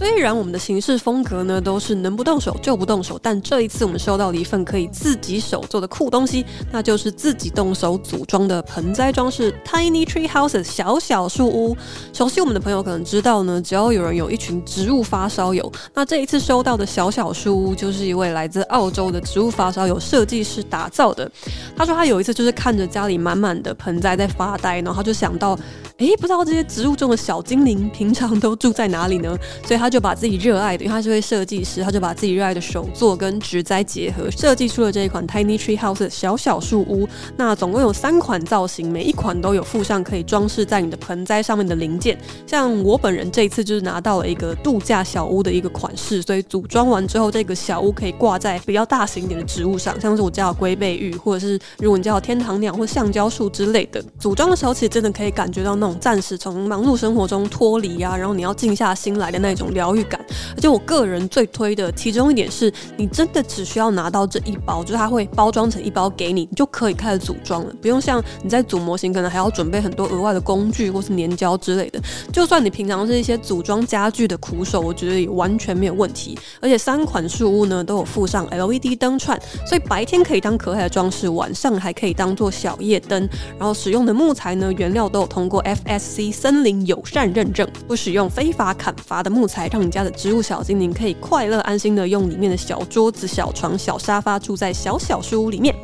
雖然我們的行事風格呢，都是能不動手就不動手，但這一次我們收到了一份可以自己手做的酷東西，那就是自己動手組裝的盆栽裝飾 Tiny Tree Houses 小小樹屋。熟悉我們的朋友可能知道呢，只要有人有一群植物發燒友，那這一次收到的小小樹屋就是一位來自澳洲的植物發燒友設計師打造的。他說他有一次就是看着家裡滿滿的盆栽在發呆，然後他就想到，誒、欸，不知道這些植物中的小精靈平常都住在哪裡呢？所以他。他就把自己熱愛的，因為他是位設計師，他就把自己熱愛的手作跟植栽結合，設計出了這一款 tiny tree house 的小小樹屋。那總共有三款造型，每一款都有附上可以裝飾在你的盆栽上面的零件。像我本人這次就是拿到了一個度假小屋的一個款式，所以組裝完之後，這個小屋可以掛在比較大型一點的植物上，像是我家的龜背芋，或者是如果你叫天堂鳥或橡膠樹之類的。組裝的時候其實真的可以感覺到那種暫時從忙碌生活中脫離啊，然後你要靜下心來的那種療癒感，而且我個人最推的其中一點是你真的只需要拿到這一包，就是它會包裝成一包給你，你就可以開始組裝了，不用像你在組模型可能還要準備很多額外的工具或是粘膠之類的。就算你平常是一些組裝家具的苦手，我覺得也完全沒有問題。而且三款樹屋呢都有附上 LED 燈串，所以白天可以當可愛的裝飾，晚上還可以當做小夜燈。然後使用的木材呢原料都有通過 FSC 森林友善認證，不使用非法砍伐的木材。讓你家的植物小精靈可以快樂安心的用裡面的小桌子、小床、小沙發，住在小小樹屋裡面。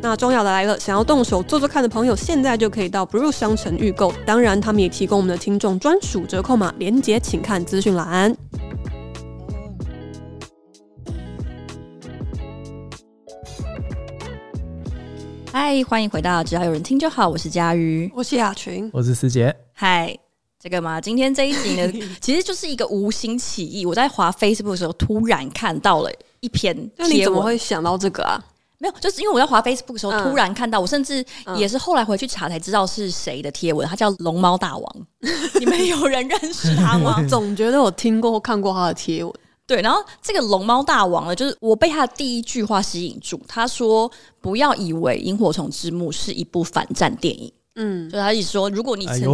那重要的來了，想要動手做做看的朋友，現在就可以到 Brew 商城預購。當然，他們也提供我們的聽眾專屬折扣碼，連接請看資訊欄。嗨，歡迎回到只要有人聽就好，我是家瑜，我是雅群，我是思杰。嗨。這個嘛，今天這一集呢， 其實就是一個無心起意。我在滑 Facebook 的時候，突然看到了一篇貼文，你怎麼會想到這個啊？沒有，就是因為我在滑 Facebook 的時候，嗯、突然看到我，我甚至也是後來回去查才知道是誰的貼文，嗯。他叫龍貓大王， 你們有人認識他嗎？ 總覺得我聽過或看過他的貼文。 對，然後這個龍貓大王呢，就是我被他的第一句話吸引住。他說：“不要以為《螢火蟲之墓》是一部反戰電影。”嗯，就他一直說，如果你曾經認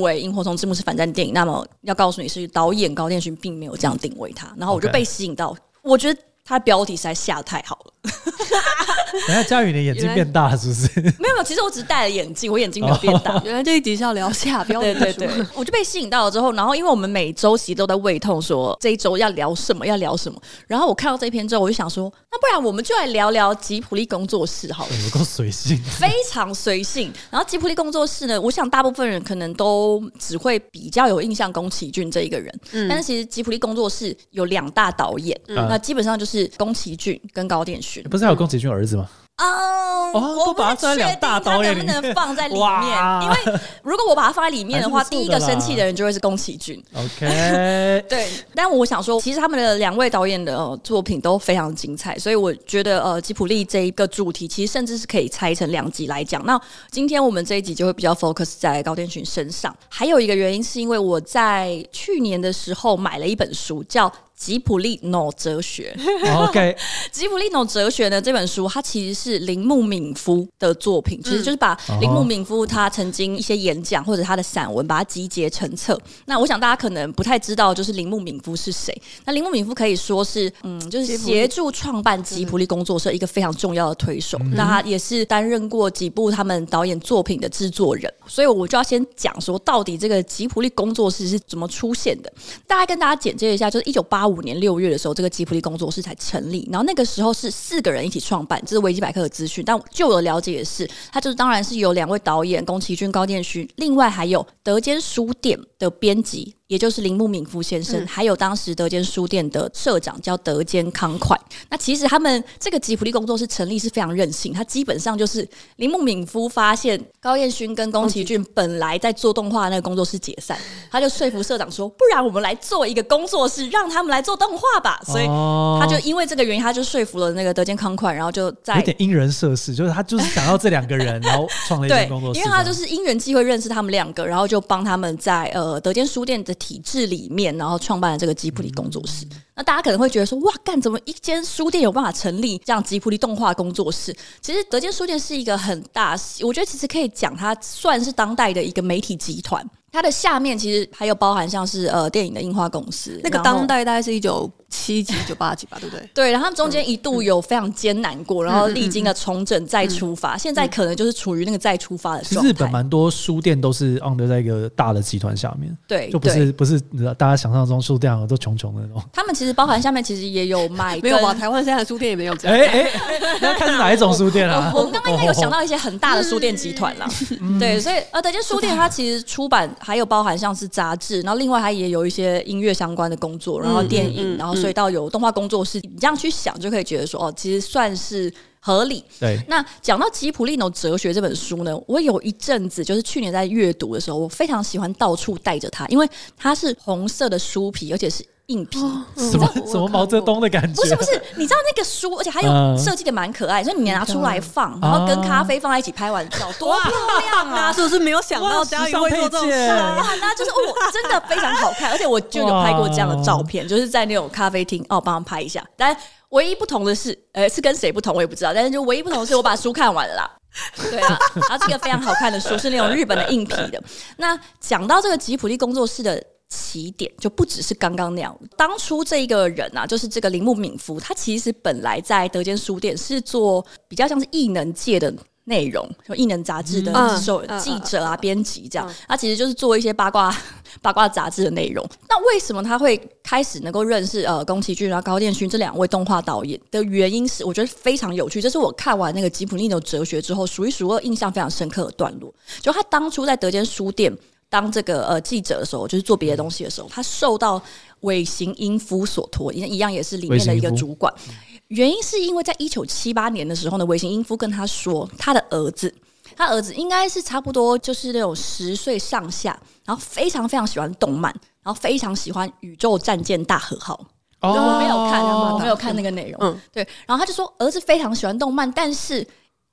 為字幕《螢、呃、火蟲之墓》是反戰電影，那麼要告訴你是導演高畑勳並沒有這樣定位他、嗯，然後我就被吸引到，okay、我覺得他的標題實在下得太好了。哈 哈，等下家瑜你的眼睛變大了，是不是？沒有沒有，其實我只是戴了眼鏡，我眼睛沒有變大。哦、原來這一集是要聊下《夏表》。對對對，我就被吸引到了之後，然後因為我們每周其實都在胃痛說，說這一周要聊什麼，要聊什麼。然後我看到這一篇之後，我就想說，那不然我們就來聊聊吉卜力工作室好了。夠、嗯、隨性，非常隨性。然後吉卜力工作室呢，我想大部分人可能都只會比較有印象宮崎駿這一個人、嗯，但是其實吉卜力工作室有兩大導演、嗯，那基本上就是宮崎駿跟高畑勳。不是還有宮崎駿兒子嗎？嗯、um, oh,，我不太確定他能不能放在裡面， 因為如果我把他放在裡面的話，的第一個生氣的人就會是宮崎駿。OK， 對。但我想說，其實他們的兩位導演的作品都非常精彩，所以我覺得呃，吉卜力這一個主題其實甚至是可以拆成兩集來講。那今天我們這一集就會比較 focus 在高畑勳身上。還有一個原因是因為我在去年的時候買了一本書叫。吉卜力諾哲學、oh,，OK，吉卜力諾哲學呢？這本書它其實是鈴木敏夫的作品，嗯、其實就是把鈴木敏夫他曾經一些演講或者他的散文，把它集結成冊、嗯。那我想大家可能不太知道，就是鈴木敏夫是誰？那鈴木敏夫可以說是，嗯，就是協助創辦吉卜力工作室一個非常重要的推手。嗯、那他也是擔任過幾部他們導演作品的制作人，所以我就要先講說，到底這個吉卜力工作室是怎麼出現的？大家跟大家簡介一下，就是一九八。五年六月的時候，這個吉卜力工作室才成立。然後那個時候是四個人一起創辦，這是維基百科的資訊。但就我了解的是,他就是當然是有兩位導演宮崎駿、高畑勳，另外還有德間書店的編輯。也就是鈴木敏夫先生、嗯，還有當時德間書店的社長叫德間康快。那其實他們這個吉卜力工作室成立是非常任性，他基本上就是鈴木敏夫發現高畑勳跟宮崎駿本來在做動畫那個工作室解散，他就說服社長說，不然我們來做一個工作室，讓他們來做動畫吧。所以他就因為這個原因，他就說服了那個德間康快，然後就在有點因人設事，就是他就是想要這兩個人， 然後創了一間工作室，因為他就是因緣際會認識他們兩個，然後就幫他們在呃德間書店的。體制裡面，然後創辦了這個吉卜力工作室。嗯嗯嗯。那大家可能會覺得說，哇，幹怎麼一間書店有辦法成立這樣吉卜力動畫工作室？其實德間書店是一個很大，我覺得其實可以講它算是當代的一個媒體集團。它的下面其實還有包含像是呃電影的印花公司，那個當代大概是一九七幾九八幾吧，對不對？對，然後中間一度有非常艱難過，然後歷經了重整再出發，嗯、現在可能就是處於那個再出發的時候。其實日本蠻多書店都是 under 在一個大的集團下面，對，就不是不是大家想象中書店都窮窮的那種。他們其實包含下面其實也有賣， 沒有吧？台灣現在的書店也沒有這樣。哎、欸、哎，那、欸、 看是哪一種書店啊？我們剛剛應該有想到一些很大的書店集團啦、嗯 嗯，對，所以等、呃、對，就書店它其實出版。還有包含像是雜誌，然後另外它也有一些音樂相關的工作，然後電影，嗯、然後所以到有動畫工作室、嗯嗯，你這樣去想就可以覺得說哦，其實算是合理。對，那講到吉卜力諾哲學這本書呢，我有一陣子就是去年在閱讀的時候，我非常喜歡到處帶着它，因為它是紅色的書皮，而且是。硬皮，什麼我我什麼毛澤東的感覺？不是不是，你知道那個書，而且還有設計的蠻可愛，所、嗯、以、就是、你拿出來放，然後跟咖啡放在一起拍完照、嗯，多漂亮啊！是不是沒有想到這樣會這種事、啊？加上配飾，哇，那就是我、哦、真的非常好看，而且我就有拍過這樣的照片，就是在那種咖啡廳，哦，幫忙拍一下。但唯一不同的是，呃，是跟誰不同我也不知道，但是就唯一不同的是我把書看完了啦。 對啊，然後這個非常好看的書是那種日本的硬皮的。 那講到這個吉卜力工作室的。起點就不只是剛剛那樣。當初這一個人啊，就是這個鈴木敏夫，他其實本來在德間書店是做比較像是藝能界的內容，就藝能雜誌的、嗯、記者啊、編、嗯、輯這樣。他、嗯啊、其實就是做一些八卦八卦雜誌的內容。那為什麼他會開始能夠認識呃宮崎駿啊、高畑勳這兩位動畫導演的原因是，我覺得非常有趣。這是我看完那個吉卜力的哲學之後數一數二印象非常深刻的段落。就他當初在德間書店。當這個呃記者的時候，就是做別的東西的時候，他受到尾形英夫所托，一一樣也是裡面的一個主管。原因是因為在一九七八年的時候呢，尾形英夫跟他說，他的兒子，他兒子應該是差不多就是那種十歲上下，然後非常非常喜歡動漫，然後非常喜歡宇宙戰艦大和號。哦。我沒有看，沒有看那個內容。嗯。對。然後他就說，兒子非常喜歡動漫，但是。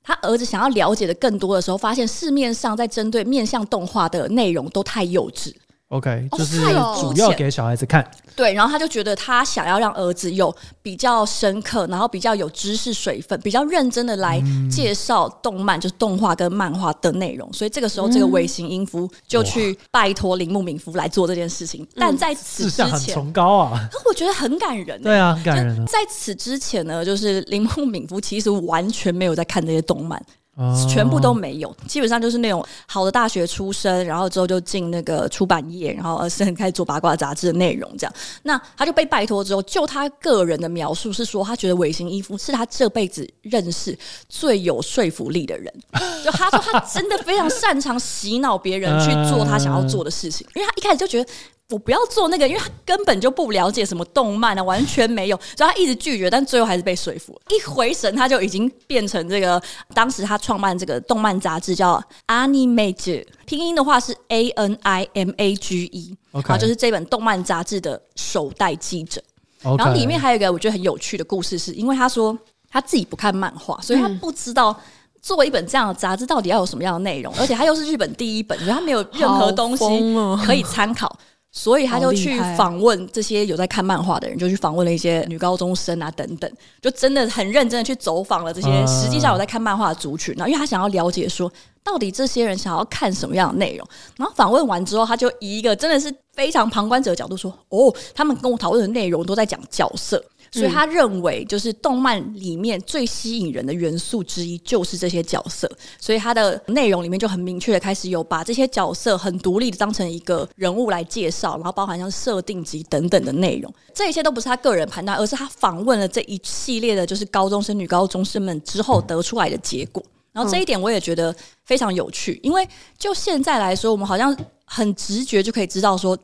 他兒子想要了解的更多的時候，發現市面上在針對面向動畫的內容都太幼稚。OK，、哦、就是主要給小孩子看，哦。對，然後他就覺得他想要讓兒子有比較深刻，然後比較有知識水分，比較認真的來介紹動漫，嗯、就是動畫跟漫畫的內容。所以這個時候，這個尾形英夫就去拜托鈴木敏夫來做這件事情。嗯、但在此之前，嗯、很崇高啊，我覺得很感人，欸。對啊，很感人，啊。就是，在此之前呢，就是鈴木敏夫其實完全沒有在看這些動漫。嗯、全部都沒有，基本上就是那種好的大學出身，然後之後就進那個出版業，然後而是很開始做八卦雜誌的內容這樣。那他就被拜託之後，就他個人的描述是說，他覺得尾形英夫是他這輩子認識最有說服力的人，就他說他真的非常擅長洗腦別人去做他想要做的事情，因為他一開始就覺得。我不要做那個，因為他根本就不了解什麼動漫啊，完全沒有，所以他一直拒絕，但最後還是被說服了。一回神，他就已經變成這個當時他創辦這個動漫雜誌叫《Anime》，拼音的話是 A N I M A G E，Okay. 然後就是這本動漫雜誌的首代記者。Okay. 然後裡面還有一個我覺得很有趣的故事是，是因為他說他自己不看漫畫，所以他不知道作為一本這樣的雜誌到底要有什麼樣的內容。嗯，而且他又是日本第一本，所以他沒有任何東西可以參考。所以他就去訪問這些有在看漫畫的人，啊、就去訪問了一些女高中生啊等等，就真的很認真的去走訪了這些實際上有在看漫畫的族群，然後因為他想要了解說到底這些人想要看什麼樣的內容。然後訪問完之後，他就以一個真的是非常旁觀者的角度說：“哦，他們跟我討論的內容都在講角色。”所以他認為，就是動漫裡面最吸引人的元素之一就是這些角色。所以他的內容裡面就很明確的開始有把這些角色很獨立的當成一個人物來介紹，然後包含像設定集等等的內容。這一切都不是他個人判斷，而是他訪問了這一系列的，就是高中生、女高中生們之後得出來的結果。然後這一點我也覺得非常有趣，因為就現在來說，我們好像很直覺就可以知道說。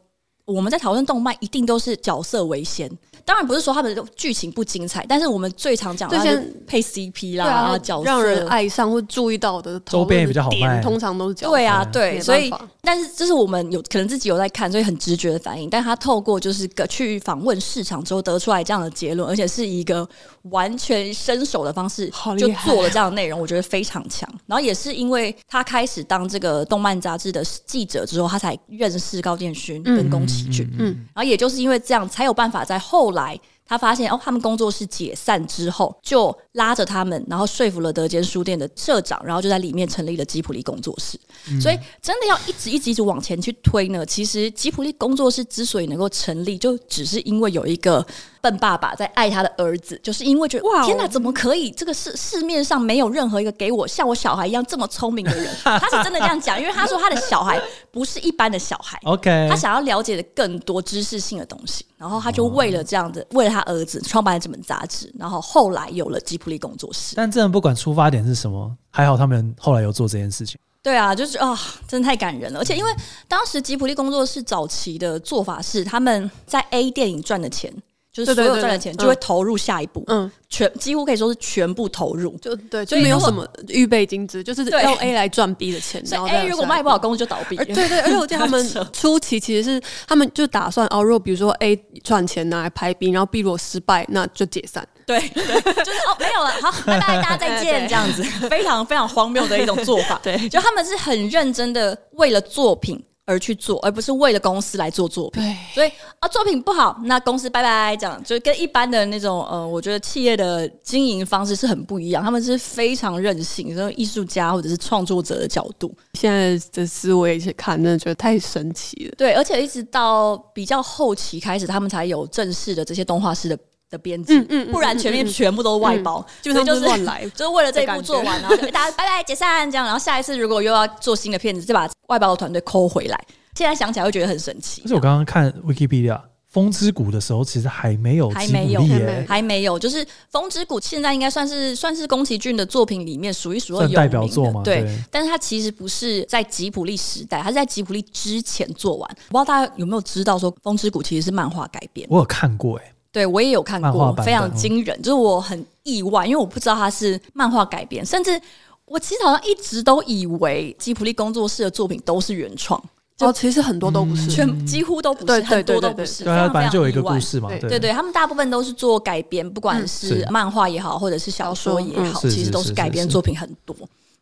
我們在討論動漫，一定都是角色為先。當然不是說他們的劇情不精彩，但是我們最常講的就是配 CP 啦，啊、角色讓人愛上或注意到的周邊也比較好賣，通常都是角。對啊，對。所以，但是這是我們有可能自己有在看，所以很直覺的反應。但他透過就是去訪問市場之後得出來這樣的結論，而且是一個完全伸手的方式，就做了這樣的內容，我覺得非常強。然後也是因為他開始當這個動漫雜誌的記者之後，他才認識高畑勳，嗯嗯，跟公司。嗯，嗯，然後也就是因為這樣，才有辦法在後來他發現哦，他們工作室解散之後，就拉着他們，然後說服了德間書店的社長，然後就在裡面成立了吉卜力工作室。嗯。所以真的要一直一直一直往前去推呢，其實吉卜力工作室之所以能夠成立，就只是因為有一個。笨爸爸在愛他的兒子，就是因為覺得哇，wow, 天哪，怎麼可以？這個市市面上沒有任何一個給我像我小孩一樣這麼聰明的人。 他是真的這樣講，因為他說他的小孩不是一般的小孩。OK，他想要了解的更多知識性的東西，然後他就為了這樣子，oh. 為了他兒子創辦了這本雜誌，然後後來有了吉卜力工作室。但真的不管出發點是什麼，還好他們後來有做這件事情。對啊，就是啊、哦，真的太感人了。而且因為當時吉卜力工作室早期的做法是他們在 A 電影賺的錢。就是所有賺的錢就會投入下一步，對對對對嗯，全幾乎可以說是全部投入，就對，就沒有什麼預備金資，就是用 A 來賺 B 的錢，對然後，A 如果賣不好，公司就倒閉。對,對對，而且我記得他們初期其實是他們就打算哦，如果比如說 A 賺錢拿來拍 B，然後 B 如果失敗，那就解散，對，對就是哦沒有了，好，拜拜， 大家再見，這樣子非常非常荒謬的一種做法，對，就他們是很認真的為了作品。而去做，而不是為了公司來做作品。對，所以啊，作品不好，那公司拜拜，這樣就跟一般的那種，呃，我覺得企業的經營方式是很不一樣。他們是非常任性，從藝術家或者是創作者的角度，現在的思維去看，真的覺得太神奇了。對，而且一直到比較後期開始，他們才有正式的這些動畫師的。的編輯嗯，嗯，嗯，嗯，不然全面全部都外包，嗯嗯、就是就是亂來，就是為了這一部做完，啊、然後大家 拜拜解散這樣。然後下一次如果又要做新的片子，就把外包的團隊摳回來。現在想起來會覺得很神奇，啊。就是我剛剛看 Wikipedia 風之谷的時候，其實還沒有、欸、還、沒有還沒有，還沒有，就是風之谷現在應該算是算是宮崎駿的作品裡面數一數二有的代表作嗎？對？對，但是它其實不是在吉卜力時代，它是在吉卜力之前做完。我不知道大家有沒有知道說風之谷其實是漫畫改編？我有看過哎，欸。對，我也有看過，非常驚人。就是我很意外，因為我不知道它是漫畫改編，甚至我其實好像一直都以為吉卜力工作室的作品都是原創。哦，其實很多都不是，嗯、全幾乎都不是對對對對，很多都不是。對就有一個故事嘛，非常非常意外對，對，對，對，對對，他們大部分都是做改編，不管是漫畫也好，或者是小說也好，嗯、其實都是改編作品很多。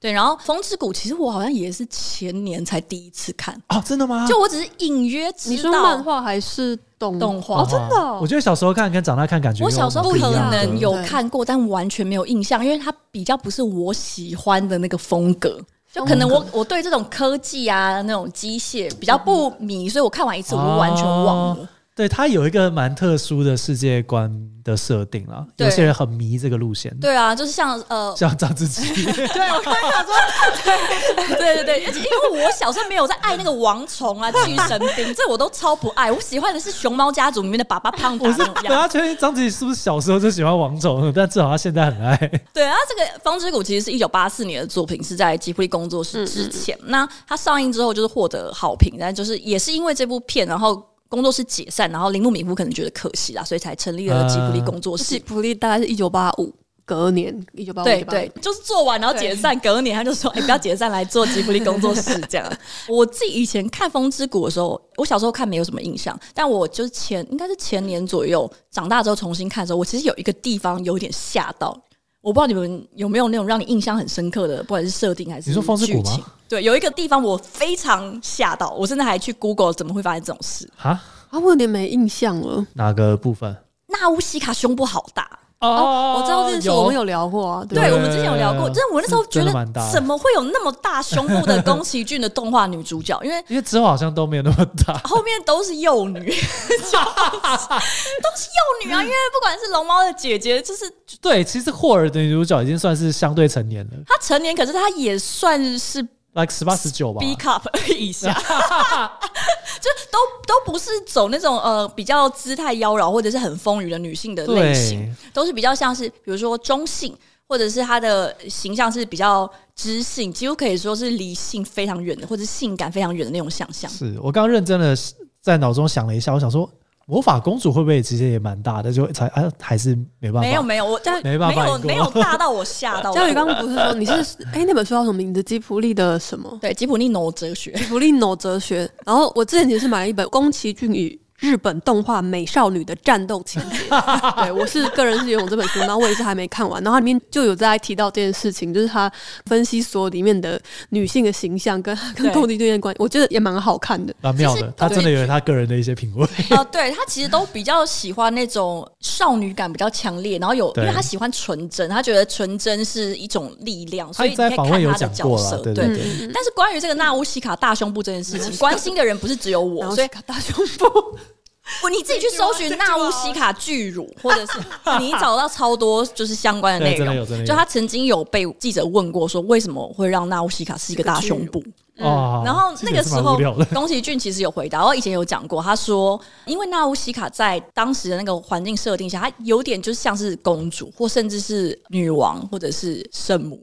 對，然後《風之谷》其實我好像也是前年才第一次看哦。真的嗎？就我只是隱約知道，你說漫畫還是動畫哦？哦，真的哦？我覺得小時候看跟長大看感覺，我小時候不可能有看過，但完全沒有印象，因為它比較不是我喜歡的那個風格，就可能我我對這種科技啊那種機械比較不迷，所以我看完一次我就完全忘了。哦對，他有一個蠻特殊的世界觀的設定啦，有些人很迷這個路線。對啊，就是像呃，像張志祺。 對，我看他說， 對對對，因為我小時候沒有在愛那個王蟲啊巨神兵， 這我都超不愛。我喜歡的是熊貓家族裡面的爸爸胖達。我樣大家確實張志祺是不是小時候就喜歡王蟲？但至少他現在很愛。對啊，這個《風之谷》其實是一九八四年的作品，是在吉卜力工作室之前。嗯、那它上映之後就是獲得好評，但就是也是因為這部片，然後。工作室解散，然後鈴木敏夫可能覺得可惜啦，所以才成立了吉卜力工作室。呃、吉卜力大概是一九八五隔年，一九八五，對、對、對，就是做完然後解散，隔年他就說：“哎、欸，不要解散，來做吉卜力工作室。”這樣。 我自己以前看《風之谷》的時候，我小時候看沒有什麼印象，但我就是前應該是前年左右長大之後重新看的時候，我其實有一個地方有點嚇到。我不知道你們有沒有那種讓你印象很深刻的，不管是設定還是劇情。你說風之谷嗎？對，有一個地方我非常嚇到，我甚至還去 Google，怎麼會發生這種事啊，啊？我有點沒印象了，哪個部分？娜烏西卡胸部好大。哦，我知道這件事，我們有聊過。啊。對，對，我們之前有聊過。就是我那時候覺得，怎麼會有那麼大胸部的宮崎駿的動畫女主角？因為因為之後好像都沒有那麼大，後面都是幼女， 都是幼女啊。因為不管是龍貓的姐姐，就是對，其實霍爾的女主角已經算是相對成年了。她成年，可是她也算是。Like 十八十九吧，B cup 以下 就都都不是走那種呃比較姿態妖嬈或者是很豐腴的女性的類型，都是比較像是比如說中性，或者是她的形象是比較知性，幾乎可以說是離性非常遠的，或者是性感非常遠的那種想象是我剛剛認真的在腦中想了一下，我想說。魔法公主會不會其實也蠻大的？就才啊，還是沒辦法？沒有沒有，我沒辦法，沒有沒有大到我嚇到我。家瑜剛不是說你是？哎、欸，那本書叫什麼名字？吉卜力的什麼？對，吉卜力諾哲學。吉卜力諾哲學。然後我之前其實是買了一本宮崎駿與。日本動畫美少女的戰鬥情節， 對，我是個人是有這本書，然後我也是還沒看完。然後裡面就有在提到這件事情，就是他分析所有裡面的女性的形象跟跟攻擊對面的關係，我覺得也蠻好看的。蠻妙的，他真的有他個人的一些品味啊。對、呃、對他其實都比較喜歡那種少女感比較強烈，然後有因為他喜歡純真，他覺得純真是一種力量，所以在看他的角色對、對、對、對、對、嗯嗯。但是關於這個《納烏西卡》大胸部這件事情， 關心的人不是只有我，所以大胸部。 不，你自己去搜尋《納烏西卡巨乳》，或者是你找到超多就是相關的內容。就他曾經有被記者問過，說為什麼會讓納烏西卡是一個大胸部。嗯哦、然後那個時候，宮崎駿其實有回答，我以前有講過，他說，因為娜烏西卡在當時的那個環境設定下，她有點就像是公主，或甚至是女王，或者是聖母。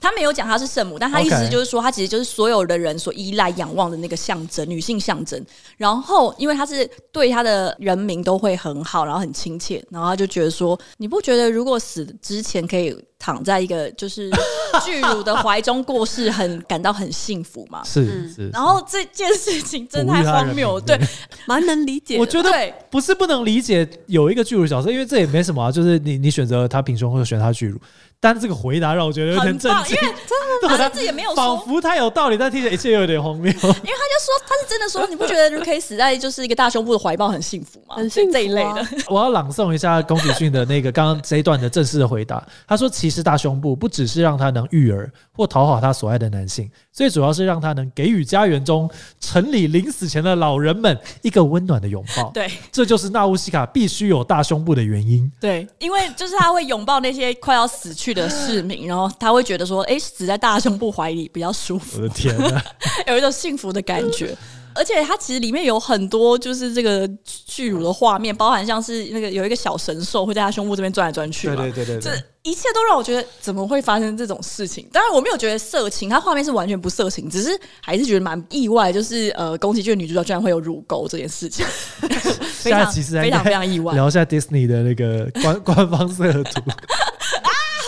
他 沒有講她是聖母，但他意思就是說，okay. 她其實就是所有的人所依賴、仰望的那個象徵，女性象徵。然後，因為她是對她的人民都會很好，然後很親切，然後他就覺得說，你不覺得如果死之前可以？躺在一個就是巨乳的懷中過世很， 很感到很幸福嘛。是、嗯、是，是，是，然後這件事情真太荒謬，對，蠻能理解。我覺得對不是不能理解，有一個巨乳角色，因為這也沒什麼啊，就是你你選擇他平胸，或者選他巨乳。但這個回答讓我覺得有點正很，因為好像自己也沒有，仿佛太有道理，但聽着一切又有點荒謬。 因為他就說，他是真的說，你不覺得可以死在就是一個大胸部的懷抱很幸福嗎？很幸福、啊、這一類的。我要朗誦一下宮崎駿的那個剛剛這一段的正式的回答。 他說：“其實大胸部不只是讓他能育兒或討好他所愛的男性，最主要是讓他能給予家園中城裡臨死前的老人們一個溫暖的擁抱。對，這就是《納烏西卡》必須有大胸部的原因。對， 因為就是他會擁抱那些快要死去。”的市民，然後他會覺得說：“哎、欸，死在大胸部懷裡比較舒服。”我的天哪、啊， 有一種幸福的感覺。 而且它其實裡面有很多就是這個巨乳的畫面，包含像是那個有一個小神獸會在他胸部這邊轉來轉去。對對對對，對，對，這、就是、一切都讓我覺得怎麼會發生這種事情？當然我沒有覺得色情，它畫面是完全不色情，只是還是覺得蠻意外。就是呃，宮崎駿女主角居然會有乳溝這件事情， 現在其實還非常非常意外。聊一下迪士尼的那個官官方色圖。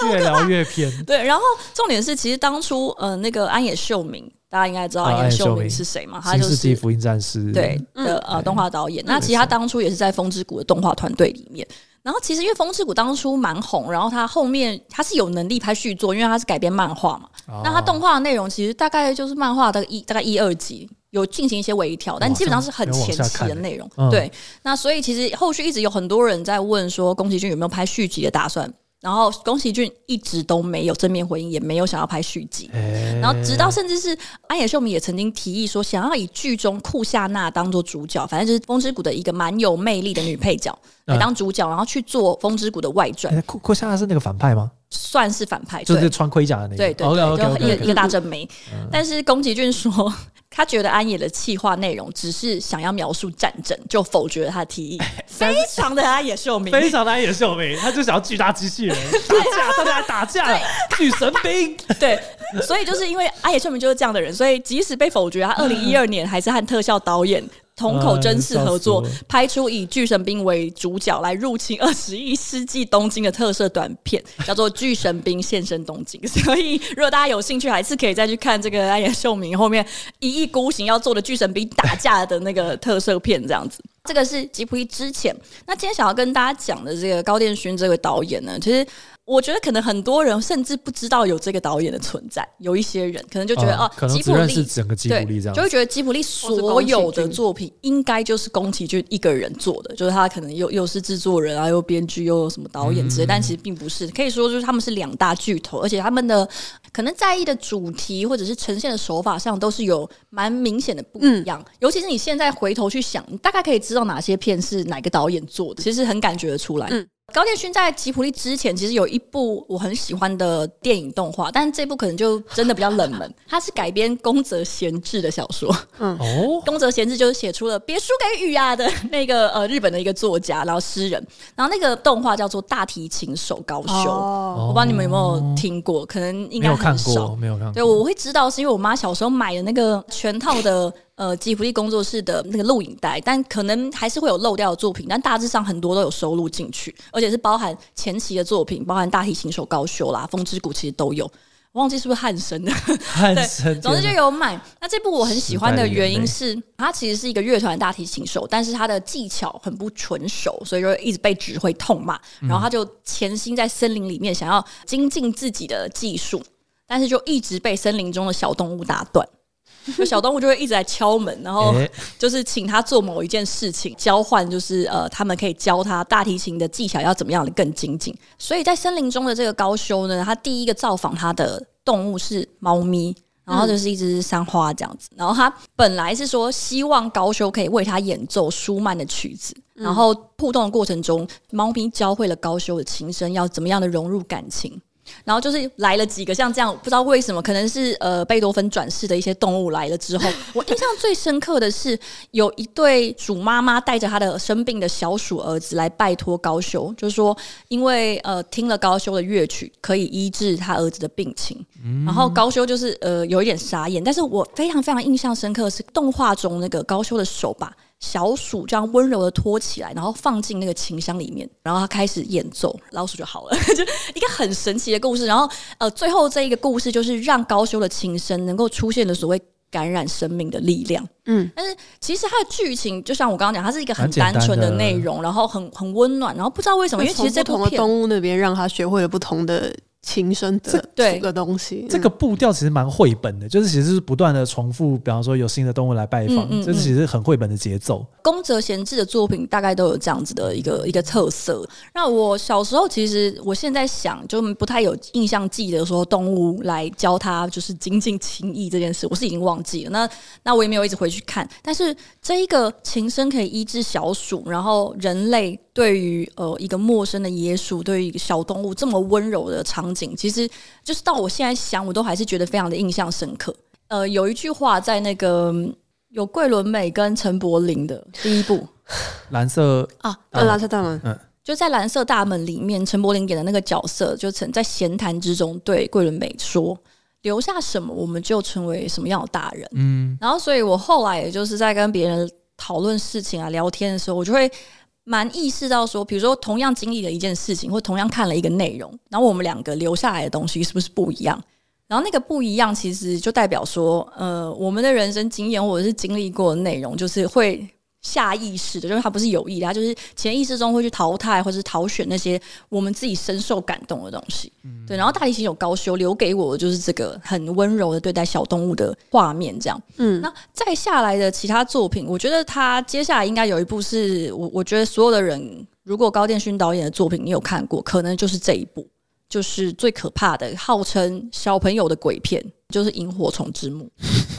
越聊越偏，啊，對。然後重點是，其實當初，嗯、呃，那個安野秀明，大家應該知道安野秀明是誰嘛？啊，他就是《福音戰士》對的、嗯、呃動畫導演。那其實他當初也是在《風之谷》的動畫團隊裡面。然後其實因為《風之谷》當初蠻紅，然後他後面他是有能力拍續作，因為他是改編漫畫嘛、哦。那他動畫的內容其實大概就是漫畫的一大概一二集有進行一些微調，但基本上是很前期的內容、哦欸嗯。對。那所以其實後續一直有很多人在問說，宮崎駿有沒有拍續集的打算？然後，宮崎駿一直都沒有正面回應，也沒有想要拍續集。欸、然後，直到甚至是、欸、庵野秀明也曾經提議說，想要以劇中庫夏娜當做主角，反正就是《風之谷》的一個蠻有魅力的女配角、嗯、來當主角，然後去做《風之谷》的外傳。欸、庫庫夏娜是那個反派嗎？算是反派，就是穿盔甲的那個，對對，對，OK, 就一個 OK, 一, OK, 一個大正眉，嗯。但是宮崎駿說，他覺得安野的企劃內容只是想要描述戰爭，就否決了他的提議。非常的安野秀明， 非常的安野秀明，他就想要巨大機器人 打架，他要大家 打架了，巨 神兵。對，所以就是因為安野秀明就是這樣的人，所以即使被否決，他二零一二年還是和特效導演。 嗯樋口真嗣合作拍出以巨神兵為主角來入侵二十一世紀東京的特色短片，叫做《巨神兵現身東京》。所以，如果大家有興趣，還是可以再去看這個庵野秀明後面一意孤行要做的巨神兵打架的那個特色片，這樣子。這個是吉卜力之前。那今天想要跟大家講的這個高畑勳這個導演呢，其實我覺得可能很多人甚至不知道有這個導演的存在。有一些人可能就覺得哦，可能只認識整個吉卜力這樣子，就會覺得吉卜力所有的作品應該就是宮崎駿一個人做的，哦，就是他可能又又是制作人啊，又編劇又有什麼導演之類，嗯嗯。但其實並不是，可以說就是他們是兩大巨頭，而且他們的。可能在意的主題或者是呈現的手法上，都是有蠻明顯的不一樣。嗯。尤其是你現在回頭去想，你大概可以知道哪些片是哪個導演做的，其實很感覺得出來。嗯高畑勳在吉卜力之前，其實有一部我很喜歡的電影動畫，但是這部可能就真的比較冷門。它是改編宮澤賢治的小說，嗯哦，宮澤賢治就是寫出了《別輸給雨啊》的那個呃日本的一個作家，然後詩人，然後那個動畫叫做《大提琴手高修》哦，我不知道你們有沒有聽過？可能應該沒有看過，沒有看過。對，我會知道是因為我媽小時候買的那個全套的。 呃，吉卜力工作室的那個錄影帶，但可能還是會有漏掉的作品，但大致上很多都有收錄進去，而且是包含前期的作品，包含大提琴手高修啦、風之谷其實都有，我忘記是不是漢森的漢森，總之就有買。那這部我很喜歡的原因是，它其實是一個樂團大提琴手，但是他的技巧很不純熟，所以說一直被指揮痛罵，嗯、然後他就潛心在森林裡面想要精進自己的技術，但是就一直被森林中的小動物打斷。 小動物就會一直在敲門，然後就是請他做某一件事情交換，就是呃，他們可以教他大提琴的技巧要怎麼樣的更精進。所以在森林中的這個高修呢，他第一個造訪他的動物是貓咪，然後就是一隻三花這樣子。然後他本來是說希望高修可以為他演奏舒曼的曲子，然後互動的過程中，貓咪教會了高修的琴聲要怎麼樣的融入感情。然後就是來了幾個像這樣，不知道為什麼，可能是呃貝多芬轉世的一些動物來了之後， 我印象最深刻的是有一對鼠媽媽帶着他的生病的小鼠兒子來拜托高修，就是說因為呃聽了高修的樂曲可以醫治他兒子的病情。嗯、然後高修就是呃有一點傻眼，但是我非常非常印象深刻的是動畫中那個高修的手吧。小鼠這樣溫柔的托起來，然後放進那個琴箱裡面，然後他開始演奏，老鼠就好了， 就一個很神奇的故事。然後呃，最後這一個故事就是讓高修的琴聲能夠出現的所謂感染生命的力量。嗯，但是其實它的劇情就像我剛剛講，它是一個很單純的內容的，然後很很溫暖，然後不知道為什麼，因為其實在不同的動物那邊，讓他學會了不同的。琴聲這個東西，這個步調其實蠻繪本的，嗯，就是其實是不斷的重複，比方說有新的動物來拜訪，這，嗯嗯嗯就是其實很繪本的節奏。宮澤賢治的作品大概都有這樣子的一個一個特色，嗯。那我小時候其實我現在想，就不太有印象記得說動物來教他就是增進情誼這件事，我是已經忘記了。那那我也沒有一直回去看，但是這一個琴聲可以醫治小鼠，然後人類。對於呃，一個陌生的野鼠，對於一個小動物這麼溫柔的場景，其實就是到我現在想，我都還是覺得非常的印象深刻。呃，有一句話在那個有桂綸鎂跟陳柏霖的第一部《藍色》啊，嗯呃《藍色大門》就在《藍色大門》裡面，陳柏霖演的那個角色，就曾在閒談之中對桂綸鎂說：“留下什麼，我們就成為什麼樣的大人。”嗯，然後所以我後來也就是在跟別人討論事情啊、聊天的時候，我就會。蠻意識到說，比如說同樣經歷了一件事情，或同樣看了一個內容，然後我們兩個留下來的東西是不是不一樣？然後那個不一樣，其實就代表說，呃，我們的人生經驗，或者是經歷過的內容，就是會。下意識的，就是他不是有意的，他就是潛意識中會去淘汰或者淘選那些我們自己深受感動的東西。嗯、對，然後大提琴手高修留給我的，就是這個很溫柔的對待小動物的畫面，這樣。嗯，那再下來的其他作品，我覺得他接下來應該有一部是我，我覺得所有的人如果高畑勳導演的作品你有看過，可能就是這一部，就是最可怕的，號稱小朋友的鬼片，就是《螢火蟲之墓》。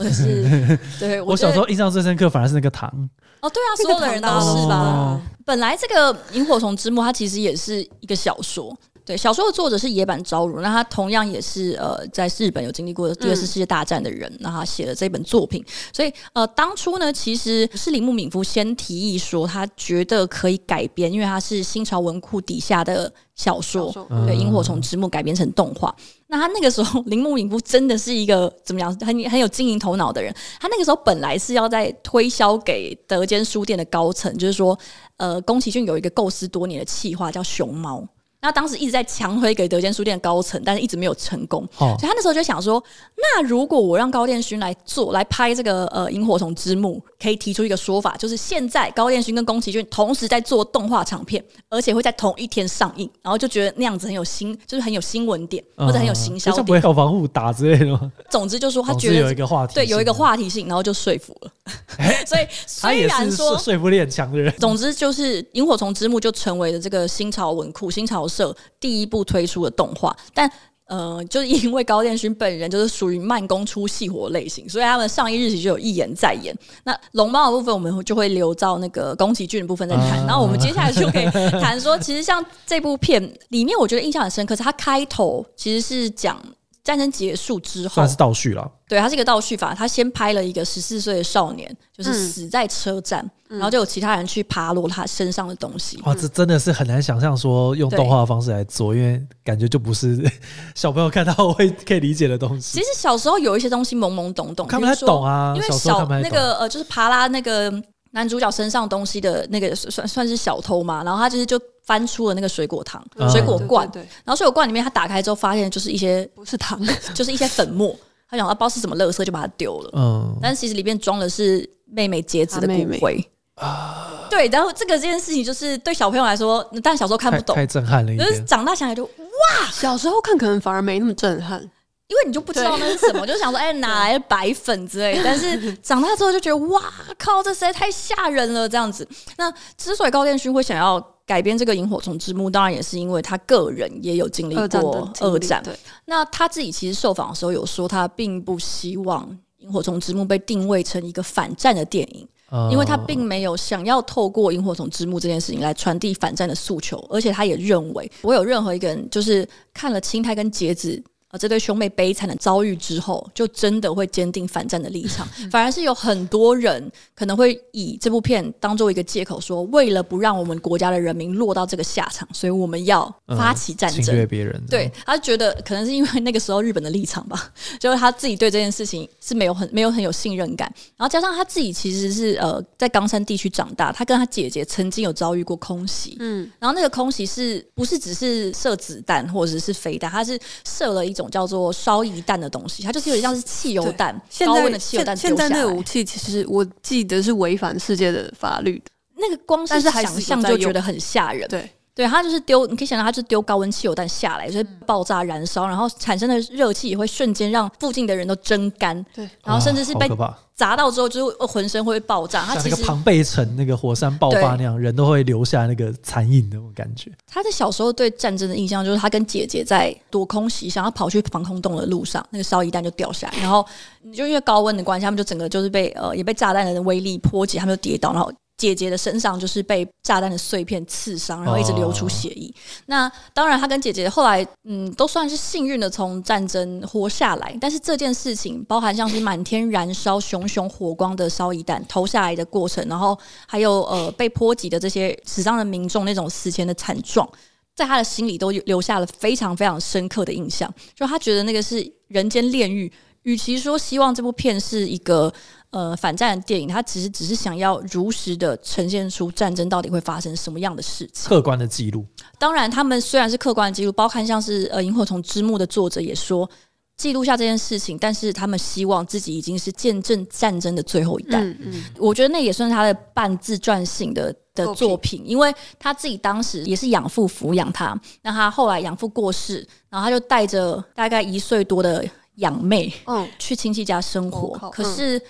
就是，對我小時候印象最深刻反而是那個糖哦，對啊，所有的人都是吧。哦、本來這個《螢火蟲之墓》它其實也是一個小說，對，小說的作者是野坂昭如，那他同樣也是呃在日本有經歷過的第二次世界大戰的人，那、嗯、他寫了這本作品，所以呃當初呢，其實是鈴木敏夫先提議說他覺得可以改編，因為他是新潮文庫底下的小說，小說對《螢、嗯、火蟲之墓》改編成動畫。那他那個時候，鈴木敏夫真的是一個怎麼樣？很很有經營頭腦的人。他那個時候本來是要在推銷給德間書店的高層，就是說，呃，宮崎駿有一個構思多年的企劃，叫《熊貓》。那當時一直在強推給德間書店高層，但是一直沒有成功。哦、所以，他那時候就想說，那如果我讓高畑勳來做，來拍這個呃《螢火蟲之墓》，可以提出一個說法，就是現在高畑勳跟宮崎駿同時在做動畫長片，而且會在同一天上映，然後就覺得那樣子很有新，就是很有新聞點，或者很有行銷點，就、嗯、不會搞防護打之類的嗎？總之，就說他覺得有一個話題，對，有一個話題性，然後就說服了。欸、 所以雖然說，他也是說服力很強的人。總之，就是《螢火蟲之墓》就成為了這個新潮文庫新潮文。社第一部推出的動畫，但呃，就是因為高畑勳本人就是屬於慢工出細活類型，所以他們上映日期就有一延再延。那龍貓的部分我們就會留到那個宮崎駿的部分再談。啊、然後我們接下來就可以談說， 其實像這部片裡面，我覺得印象很深。可是它開頭其實是講。戰爭結束之後，算是倒敘了。對，他是一個倒敘法，他先拍了一個十四歲的少年，就是死在車站，嗯，然後就有其他人去爬落他身上的東西。嗯、哇，這真的是很難想象說用動畫的方式來做，因為感覺就不是小朋友看到會可以理解的東西。其實小時候有一些東西懵懵懂懂，他們還懂啊，就是，他們還懂啊，因為小，他們，啊小時候他們還懂啊，那個呃，就是爬拉那個。男主角身上東西的那個算，算是小偷嘛？然後他就是就翻出了那個水果糖、嗯、水果罐對對對對，然後水果罐裡面他打開之後發現就是一些不是糖，就是一些粉末。 他想他不知道是什麼垃圾，就把它丟了。嗯，但是其實裡面裝的是妹妹節子的骨灰啊。對，然後這個這件事情就是對小朋友來說，但小時候看不懂，太,太震撼了一點。就是長大想想就哇，小時候看可能反而沒那麼震撼。因為你就不知道那是什麼， 就想說，哎，哪來的白粉之類？但是長大之後就覺得，哇靠，這實在太嚇人了，這樣子。那之所以高畑勳會想要改編這個《螢火蟲之墓》，當然也是因為他個人也有經歷過二戰，二戰的對。那他自己其實受訪的時候有說，他並不希望《螢火蟲之墓》被定位成一個反戰的電影，嗯、因為他並沒有想要透過《螢火蟲之墓》這件事情來傳遞反戰的訴求。而且他也認為，我有任何一個人就是看了清太跟節子。呃，這對兄妹悲慘的遭遇之後，就真的會堅定反戰的立場。 反而是有很多人可能會以這部片當做一個借口說，說為了不讓我們國家的人民落到這個下場，所以我們要發起戰爭，嗯、侵略別人。對、哦，他覺得可能是因為那個時候日本的立場吧，就是他自己對這件事情是沒有很沒有很有信任感。然後加上他自己其實是呃在岡山地區長大，他跟他姐姐曾經有遭遇過空襲，嗯，然後那個空襲是不是只是射子彈或者是，是飛彈，他是射了一。種叫做燒夷彈的東西，它就是有點像是汽油彈，高溫的汽油彈丟下來。現在那個武器其實我記得是違反世界的法律的。那個光是想象就覺得很嚇人，對。對他就是丟，你可以想到他就是丟高溫汽油彈下來，所以爆炸燃燒，然後產生的熱氣也會瞬間讓附近的人都蒸乾。對，然後甚至是被砸到之後，就是渾身會爆炸。他像那個龐貝城那個火山爆發那樣，人都會留下那個殘影的那種感覺。他的小時候對戰爭的印象就是，他跟姐姐在躲空襲，想要跑去防空洞的路上，那個燒夷彈就掉下來，然後你就因為高溫的關係，他們就整個就是被呃也被炸彈的威力波及，他們就跌倒，然後。姐姐的身上就是被炸彈的碎片刺傷，然後一直流出血液、oh. 那當然，他跟姐姐後來，嗯，都算是幸運的從戰爭活下來。但是這件事情，包含像是滿天燃燒、熊熊火光的燒夷彈投下來的過程，然後還有呃被波及的這些死傷的民眾那種死前的慘狀，在他的心裡都留下了非常非常深刻的印象。就他覺得那個是人間煉獄。與其說希望這部片是一個。呃，反戰的電影，他其實只是想要如實的呈現出戰爭到底會發生什麼樣的事情，客觀的記錄。當然，他們雖然是客觀的記錄，包括像是呃《螢火蟲之墓》的作者也說，記錄下這件事情。但是他們希望自己已經是見證戰爭的最後一代。嗯嗯，我覺得那也算是他的半自傳性的的作品，oh, okay. 因為他自己當時也是養父撫養他，那他後來養父過世，然後他就帶着大概一歲多的養妹，嗯，去親戚家生活。Oh, 嗯，可是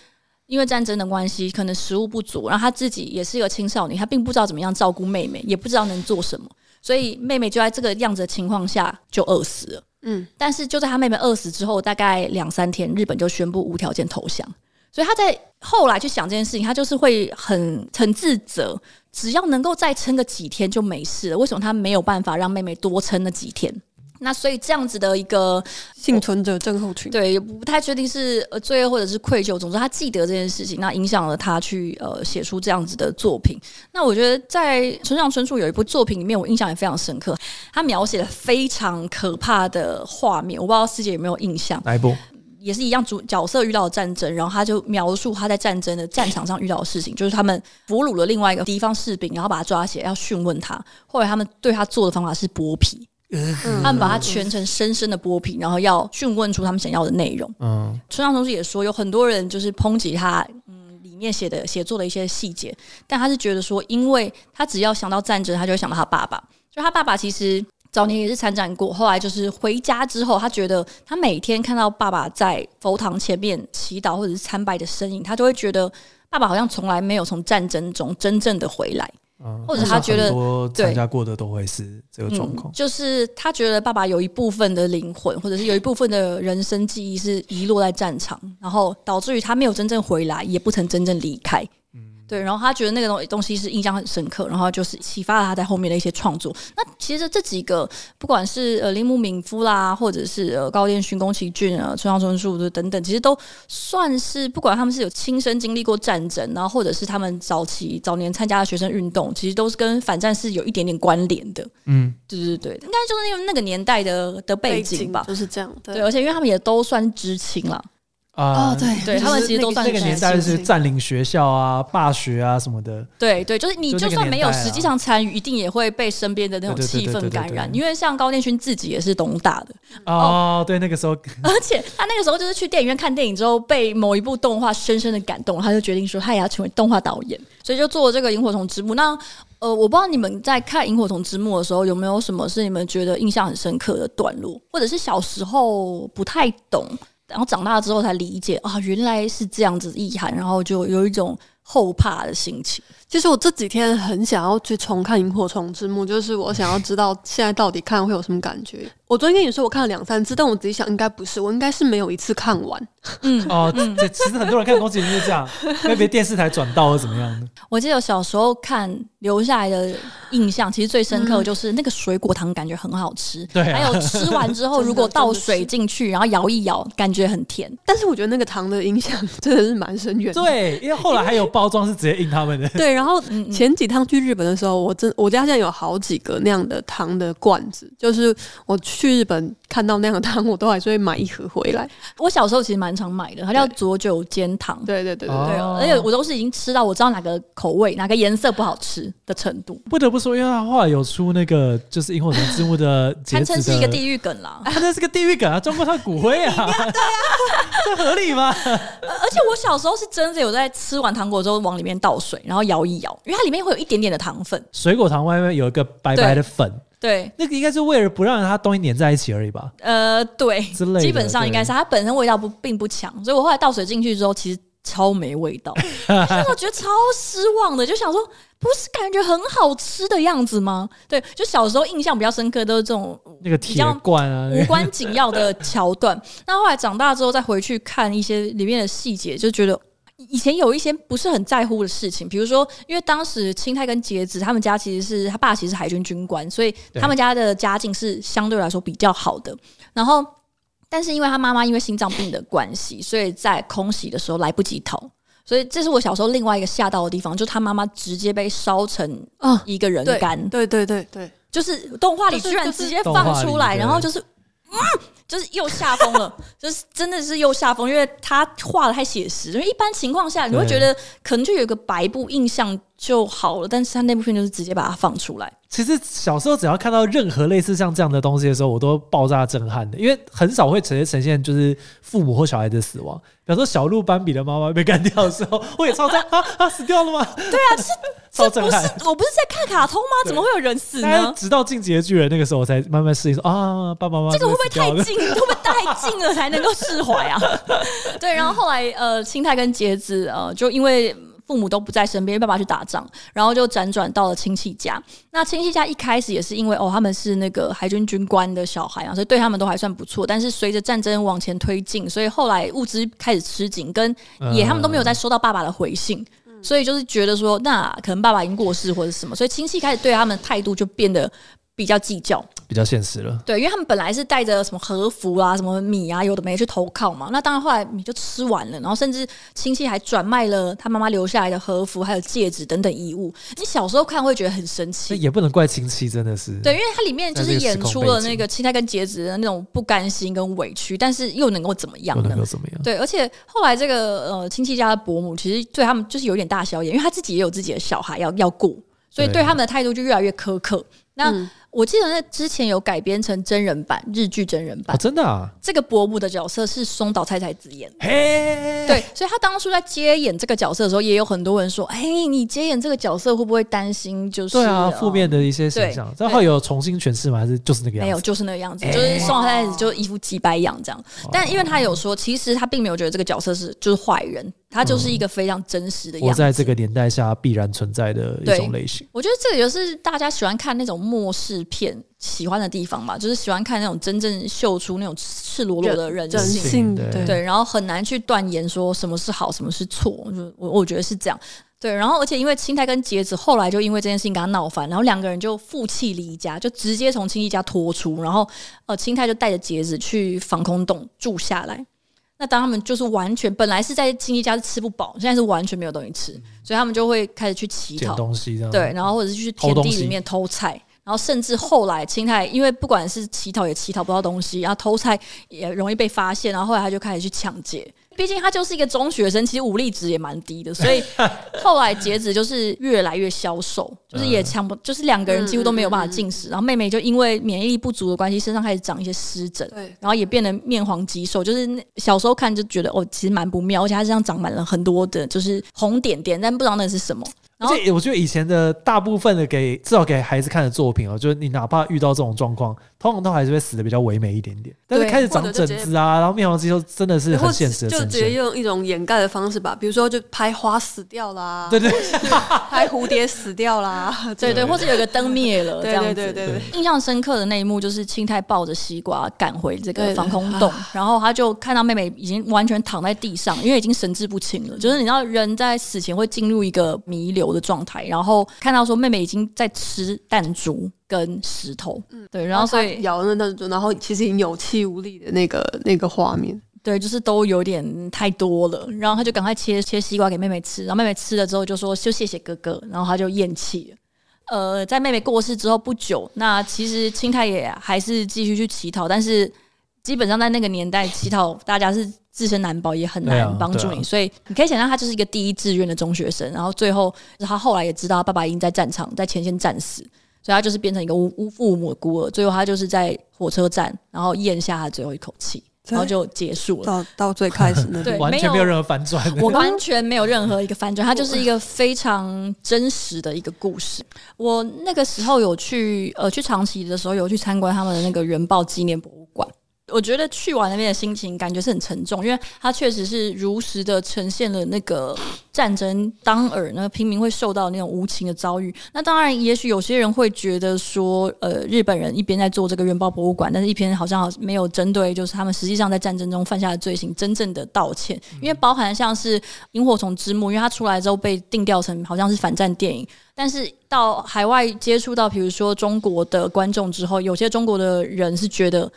因為戰爭的關係，可能食物不足，然後他自己也是一個青少年，他並不知道怎麼樣照顧妹妹，也不知道能做什麼，所以妹妹就在這個樣子的情況下就餓死了。嗯，但是就在他妹妹餓死之後，大概兩三天，日本就宣布無條件投降，所以他在後來去想這件事情，他就是會很很自責，只要能夠再撐個幾天就沒事了。為什麼他沒有辦法讓妹妹多撐那幾天？那所以這樣子的一個倖存者症候群、哦，對，也不太確定是呃罪惡或者是愧疚，總之他記得這件事情，那影響了他去呃寫出這樣子的作品。那我覺得在村上春樹有一部作品裡面，我印象也非常深刻，他描寫了非常可怕的畫面，我不知道師姐有沒有印象？哪一部？也是一樣，主角色遇到了戰爭，然後他就描述他在戰爭的戰場上遇到的事情，就是他們俘虜了另外一個敵方士兵，然後把他抓起來要訊問他，後來他們對他做的方法是剝皮。 他們把他全程深深的剝皮，然後要詢問出他們想要的內容。嗯。村上同學也說，有很多人就是抨擊他，嗯，裡面寫的寫作的一些細節。但他是覺得說，因為他只要想到戰爭，他就會想到他爸爸。就他爸爸其實早年也是參戰過，後來就是回家之後，他覺得他每天看到爸爸在佛堂前面祈禱或者是參拜的身影，他就會覺得爸爸好像從來沒有從戰爭中真正的回來。或者他覺得，很多參加過的都會是這個狀況，就是他覺得爸爸有一部分的靈魂，或者是有一部分的人生記憶是遺落在戰場，然後導致於他沒有真正回來，也不曾真正離開。對，然後他覺得那個東東西是印象很深刻，然後就是啟發了他在後面的一些創作。那其實這，這幾個，不管是呃鈴木敏夫啦，或者是、呃、高畑勳、宮崎駿啊、村上春樹等等，其實都算是不管他們是有親身經歷過戰爭，然後或者是他們早期早年參加的學生運動，其實都是跟反戰是有一點點關聯的。嗯，對、就、對、是、對，應該就是因為那個年代的的背景吧，景就是這樣對。對，而且因為他們也都算知青了。啊、嗯哦，對，他們其實都算那個年代就是佔領學校啊、霸學啊什麼的。對對，就是你就算沒有實際上參與、啊，一定也會被身邊的那種氣氛感染，對對對對對對對對。因為像高畑勳自己也是東大的哦，嗯 oh, 對，那個時候，而且他那個時候就是去電影院看電影之後，被某一部動畫深深的感動，他就決定說，他也要成為動畫導演，所以就做了這個《螢火蟲之墓》。那呃，我不知道你們在看《螢火蟲之墓》的時候，有沒有什麼是你們覺得印象很深刻的段落，或者是小時候不太懂，然後長大之後才理解啊，原來是這樣子遺憾，然後就有一種後怕的心情。其實我這幾天很想要去重看《螢火蟲之墓》，就是我想要知道現在到底看會有什麼感覺。 我昨天跟你說我看了兩三次，但我自己想應該不是，我應該是沒有一次看完。嗯，哦，嗯、其實很多人看東西是這樣，會 被電視台轉到了怎麼樣的。我記得有小時候看留下來的印象，其實最深刻的就是那個水果糖，感覺很好吃。嗯、對、啊，還有吃完之後、就是、如果倒水，水進去，然後搖一搖，感覺很甜。 但是我覺得那個糖的影響真的是蠻深遠的。對，因為後來還有包裝是直接印他們的。對。然後前幾趟去日本的時候，我、嗯、真、嗯、我家現在有好幾個那樣的糖的罐子，就是我去日本看到那樣的糖，我都還是會買一盒回來。我小時候其實蠻常買的，它叫佐久間糖。對對對對、哦、對，而且我都是已經吃到我知道哪個口味、哪個顏色不好吃的程度。不得不說，因為它後來有出那個就是螢火蟲之墓的，堪稱是一個地獄梗了。他、啊、那是個地獄梗啊，裝過他骨灰啊，啊對啊 這合理嗎？而且我小時候是真的有在吃完糖果之後往裡面倒水，然後搖。因為它裡面會有一點點的糖粉，水果糖外面有一個白白的粉，對，對，那個應該是為了不讓它東西粘在一起而已吧？呃，對，之類，基本上應該是它本身味道不並不強，所以我後來倒水進去之後，其實超沒味道，我 覺得超失望的，就想說，不是感覺很好吃的樣子嗎？對，就小時候印象比較深刻都是這種那個鐵罐啊，無關緊要的橋段， 那後來長大之後再回去看一些裡面的細節，就覺得。以前有一些不是很在乎的事情，比如說，因為當時清太跟節子他們家其實是他爸，其實是海軍軍官，所以他們家的家境是相對來說比較好的。然後，但是因為他媽媽因為心臟病的關係，所以在空襲的時候來不及逃，所以這是我小時候另外一個嚇到的地方，就是他媽媽直接被燒成一個人乾、啊，對對對對，就是動畫裡居然直接放出來，就是、就是然後就是。嗯，就是又嚇瘋了， 就是真的是又嚇瘋，因為他畫的太寫實，因為一般情況下你會覺得可能就有一個白布印象，就好了，但是他那部片就是直接把它放出來。其實小時候只要看到任何類似像這樣的東西的時候，我都爆炸震撼的，因為很少會直接呈現就是父母或小孩的死亡。比方說小鹿斑比的媽媽被幹掉的時候，我也超震撼 啊，啊！死掉了嗎？對啊，是超震撼這不是。我不是在看卡通嗎？怎麼會有人死呢？直到進擊的巨人那個時候，我才慢慢適應說啊，爸爸媽媽，這個會不會太近？ 會不會太近了才能夠釋懷啊？ 對，然後後來呃，清太跟節子啊，就因為。父母都不在身邊，爸爸去打仗，然後就輾轉到了親戚家。那親戚家一開始也是因為哦，他們是那個海軍軍官的小孩啊，所以對他們都還算不錯。但是隨着戰爭往前推進，所以後來物資開始吃緊，跟也他們都沒有再收到爸爸的回信，嗯，所以就是覺得說，那可能爸爸已經過世或者什麼，所以親戚開始對他們的態度就變得比較計較。比較現實了，對，因為他們本來是帶着什麼和服啊、什麼米啊，有的沒的去投靠嘛。那當然後來米就吃完了，然後甚至親戚還轉賣了他媽媽留下來的和服、還有戒指等等遺物。你小時候看會覺得很神奇，也不能怪親戚，真的是。對，因為它裡面就是演出了那個清太跟節子的那種不甘心跟委屈，但是又能夠怎麼樣呢？又能夠怎麼樣？對，而且後來這個呃親戚家的伯母其實對他們就是有點大小眼，因為他自己也有自己的小孩要要顧。所以對他們的態度就越來越苛刻。那、嗯、我記得那之前有改編成真人版日劇真人版、哦，真的啊！這個伯母的角色是松島菜菜子演的嘿，對。所以他當初在接演這個角色的時候，也有很多人說：“哎、欸，你接演這個角色會不會擔心？”就是對啊，負面的一些現象。然後有重新詮釋嗎？還是就是那個樣子？沒有，就是那個樣子，欸、就是松島菜菜子就一副機掰樣這樣。但因為他有說，其實他並沒有覺得這個角色是就是壞人。它就是一個非常真實的、嗯。活在這個年代下必然存在的一種類型。我覺得這個也是大家喜歡看那種末世片喜歡的地方吧，就是喜歡看那種真正秀出那種赤裸裸的人性，性對，對，然後很難去斷言說什麼是好，什麼是錯。就我我覺得是這樣，對。然後，而且因為清太跟節子後來就因為這件事情跟他鬧翻，然後兩個人就負氣離家，就直接從親戚家拖出，然後呃，清太就帶着節子去防空洞住下來。那當他們就是完全本來是在親戚家是吃不飽，現在是完全沒有東西吃，嗯、所以他們就會開始去乞討，對，然後或者是去田地裡面偷菜，偷，然後甚至後來清太因為不管是乞討也乞討不到東西，然後偷菜也容易被發現，然後後來他就開始去搶劫。畢竟他就是一個中學生，其實武力值也蠻低的，所以後來節食就是越來越消瘦， 就是也搶不，就是兩個人幾乎都沒有辦法進食嗯嗯嗯。然後妹妹就因為免疫力不足的關係，身上開始長一些濕疹，對，然後也變得面黃肌瘦，就是小時候看就覺得哦，其實蠻不妙，而且她身上長滿了很多的就是紅點點，但不知道那是什麼。然後我覺得以前的大部分的給至少給孩子看的作品哦，就是你哪怕遇到這種狀況。通常都還是會死的比較唯美一點點，但是開始長疹子啊，然後面黃肌瘦真的是很現實的。就直接用一種掩蓋的方式吧，比如說就拍花死掉啦，對對,對，拍蝴蝶死掉啦，對對,對, 對,對,對，或者是有個燈滅了這樣子。對對對對,對,對,對,對印象深刻的那一幕就是清太抱着西瓜趕回這個防空洞對對對，然後他就看到妹妹已經完全躺在地上， 因為已經神志不清了。就是你知道人在死前會進入一個彌留的狀態，然後看到說妹妹已經在吃彈珠。跟石頭，嗯，對，然後所以咬那那，然後其實有氣無力的那個那個畫面，對，就是都有點太多了。然後他就趕快切切西瓜給妹妹吃，然後妹妹吃了之後就說就謝謝哥哥，然後他就嚥氣了。呃，在妹妹過世之後不久，那其實清太也還是繼續去乞討，但是基本上在那個年代乞討，大家是自身難保，也很難幫助你。所以你可以想象，他就是一個第一志願的中學生。然後最後他後來也知道，爸爸已經在戰場在前線戰死。所以他就是變成一個無無父無母的孤兒，最後他就是在火車站，然後嚥下他最後一口氣，然後就結束了。到，到最開始那呵呵，對，完全沒有任何反轉，我完全沒有任何一個反轉，它 就是一個非常真實的一個故事。我那個時候有去呃去長崎的時候，有去參觀他們的那個原爆紀念博物館。我覺得去完那邊的心情，感覺是很沉重，因為他確實是如實的呈現了那個戰爭當耳呢，平民會受到那種無情的遭遇。那當然，也許有些人會覺得說，呃，日本人一邊在做這個原爆博物館，但是一邊好像沒有針對就是他們實際上在戰爭中犯下的罪行真正的道歉。嗯。因為包含像是螢火蟲之墓，因為它出來之後被定調成好像是反戰電影，但是到海外接觸到，比如說中國的觀眾之後，有些中國的人是覺得。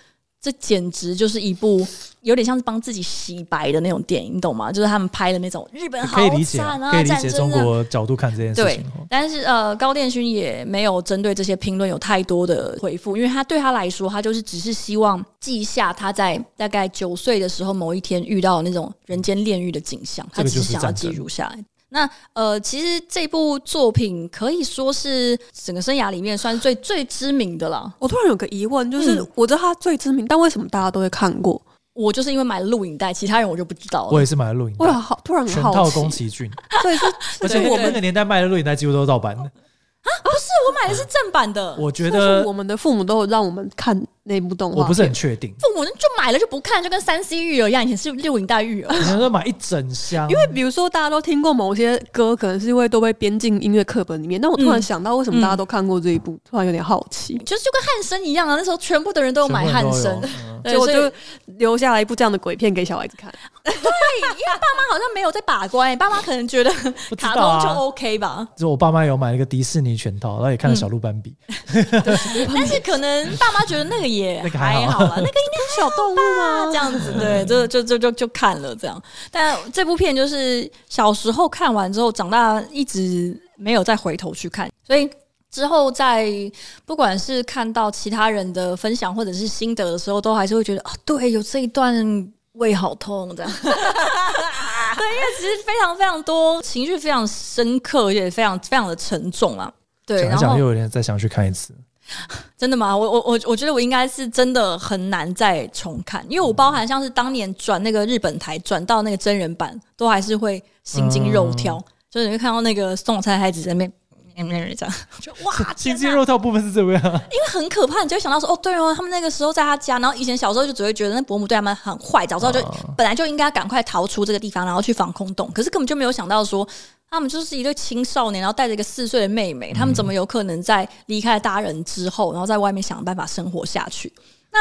這簡直就是一部有點像是幫自己洗白的那種電影，你懂嗎？就是他們拍的那種日本好慘、啊，欸、可以理解、啊、戰爭啊、可以理解中國角度看這件事情、啊。對，但是呃，高畑勳也沒有針對這些評論有太多的回復，因為他對他來說，他就是只是希望記下他在大概九歲的時候某一天遇到的那種人間煉獄的景象，他只是想要記錄下來。這個那呃，其實這部作品可以說是整個生涯裡面算是最最知名的了。我突然有個疑問，就是我知道它最知名，嗯、但為什麼大家都會看過？我就是因為買了錄影帶，其他人我就不知道了。我也是買了錄影帶，好突然很好奇，全套宮崎駿。 對，而且我們那個年代賣的錄影帶幾乎都是盜版的啊！不是，我買的是正版的。啊、我覺得我們的父母都有讓我們看。那一部動畫我不是很確定，父母就買了就不看，就跟三 C 育兒一樣，以前是錄影帶育兒，以前都買一整箱。因為比如說大家都聽過某些歌，可能是因為都被編進音樂課本裡面、嗯。但我突然想到，為什麼大家都看過這一部？嗯、突然有點好奇，就是就跟漢聲一樣啊，那時候全部的人都有買漢聲、嗯，所以我就留下來一部這樣的鬼片給小孩子看。對，因為爸媽好像沒有在把關、欸，爸媽可能覺得卡通就 OK 吧。就、啊、我爸媽有買一個迪士尼全套，然後也看了小鹿斑比，嗯、 但是可能爸媽覺得那個。也還好了，那個，那個應該是小動物啊，這樣子 對，就就就就，就看了這樣。但這部片就是小時候看完之後，長大一直沒有再回頭去看。所以之後在不管是看到其他人的分享或者是心得的時候，都還是會覺得啊，對，有這一段胃好痛這樣。 對，因為其實非常非常多情緒非常深刻，也非常非常的沉重啊。對，講講又有點再想去看一次。真的嗎？我我我我覺得我應該是真的很難再重看，因為我包含像是當年轉那個日本台轉到那個真人版，都還是會心驚肉跳。所以、嗯、就是、你會看到那個送菜的孩子在那邊這樣，就哇，心驚肉跳部分是怎麼樣？因為很可怕，你就會想到說哦，對哦，他們那個時候在他家，然後以前小時候就只會覺得那伯母對他們很壞，早知道就本來就應該趕快逃出這個地方，然後去防空洞，可是根本就沒有想到說。他們就是一對青少年，然後帶着一個四歲的妹妹，他們怎麼有可能在離開大人之後，然後在外面想辦法生活下去？那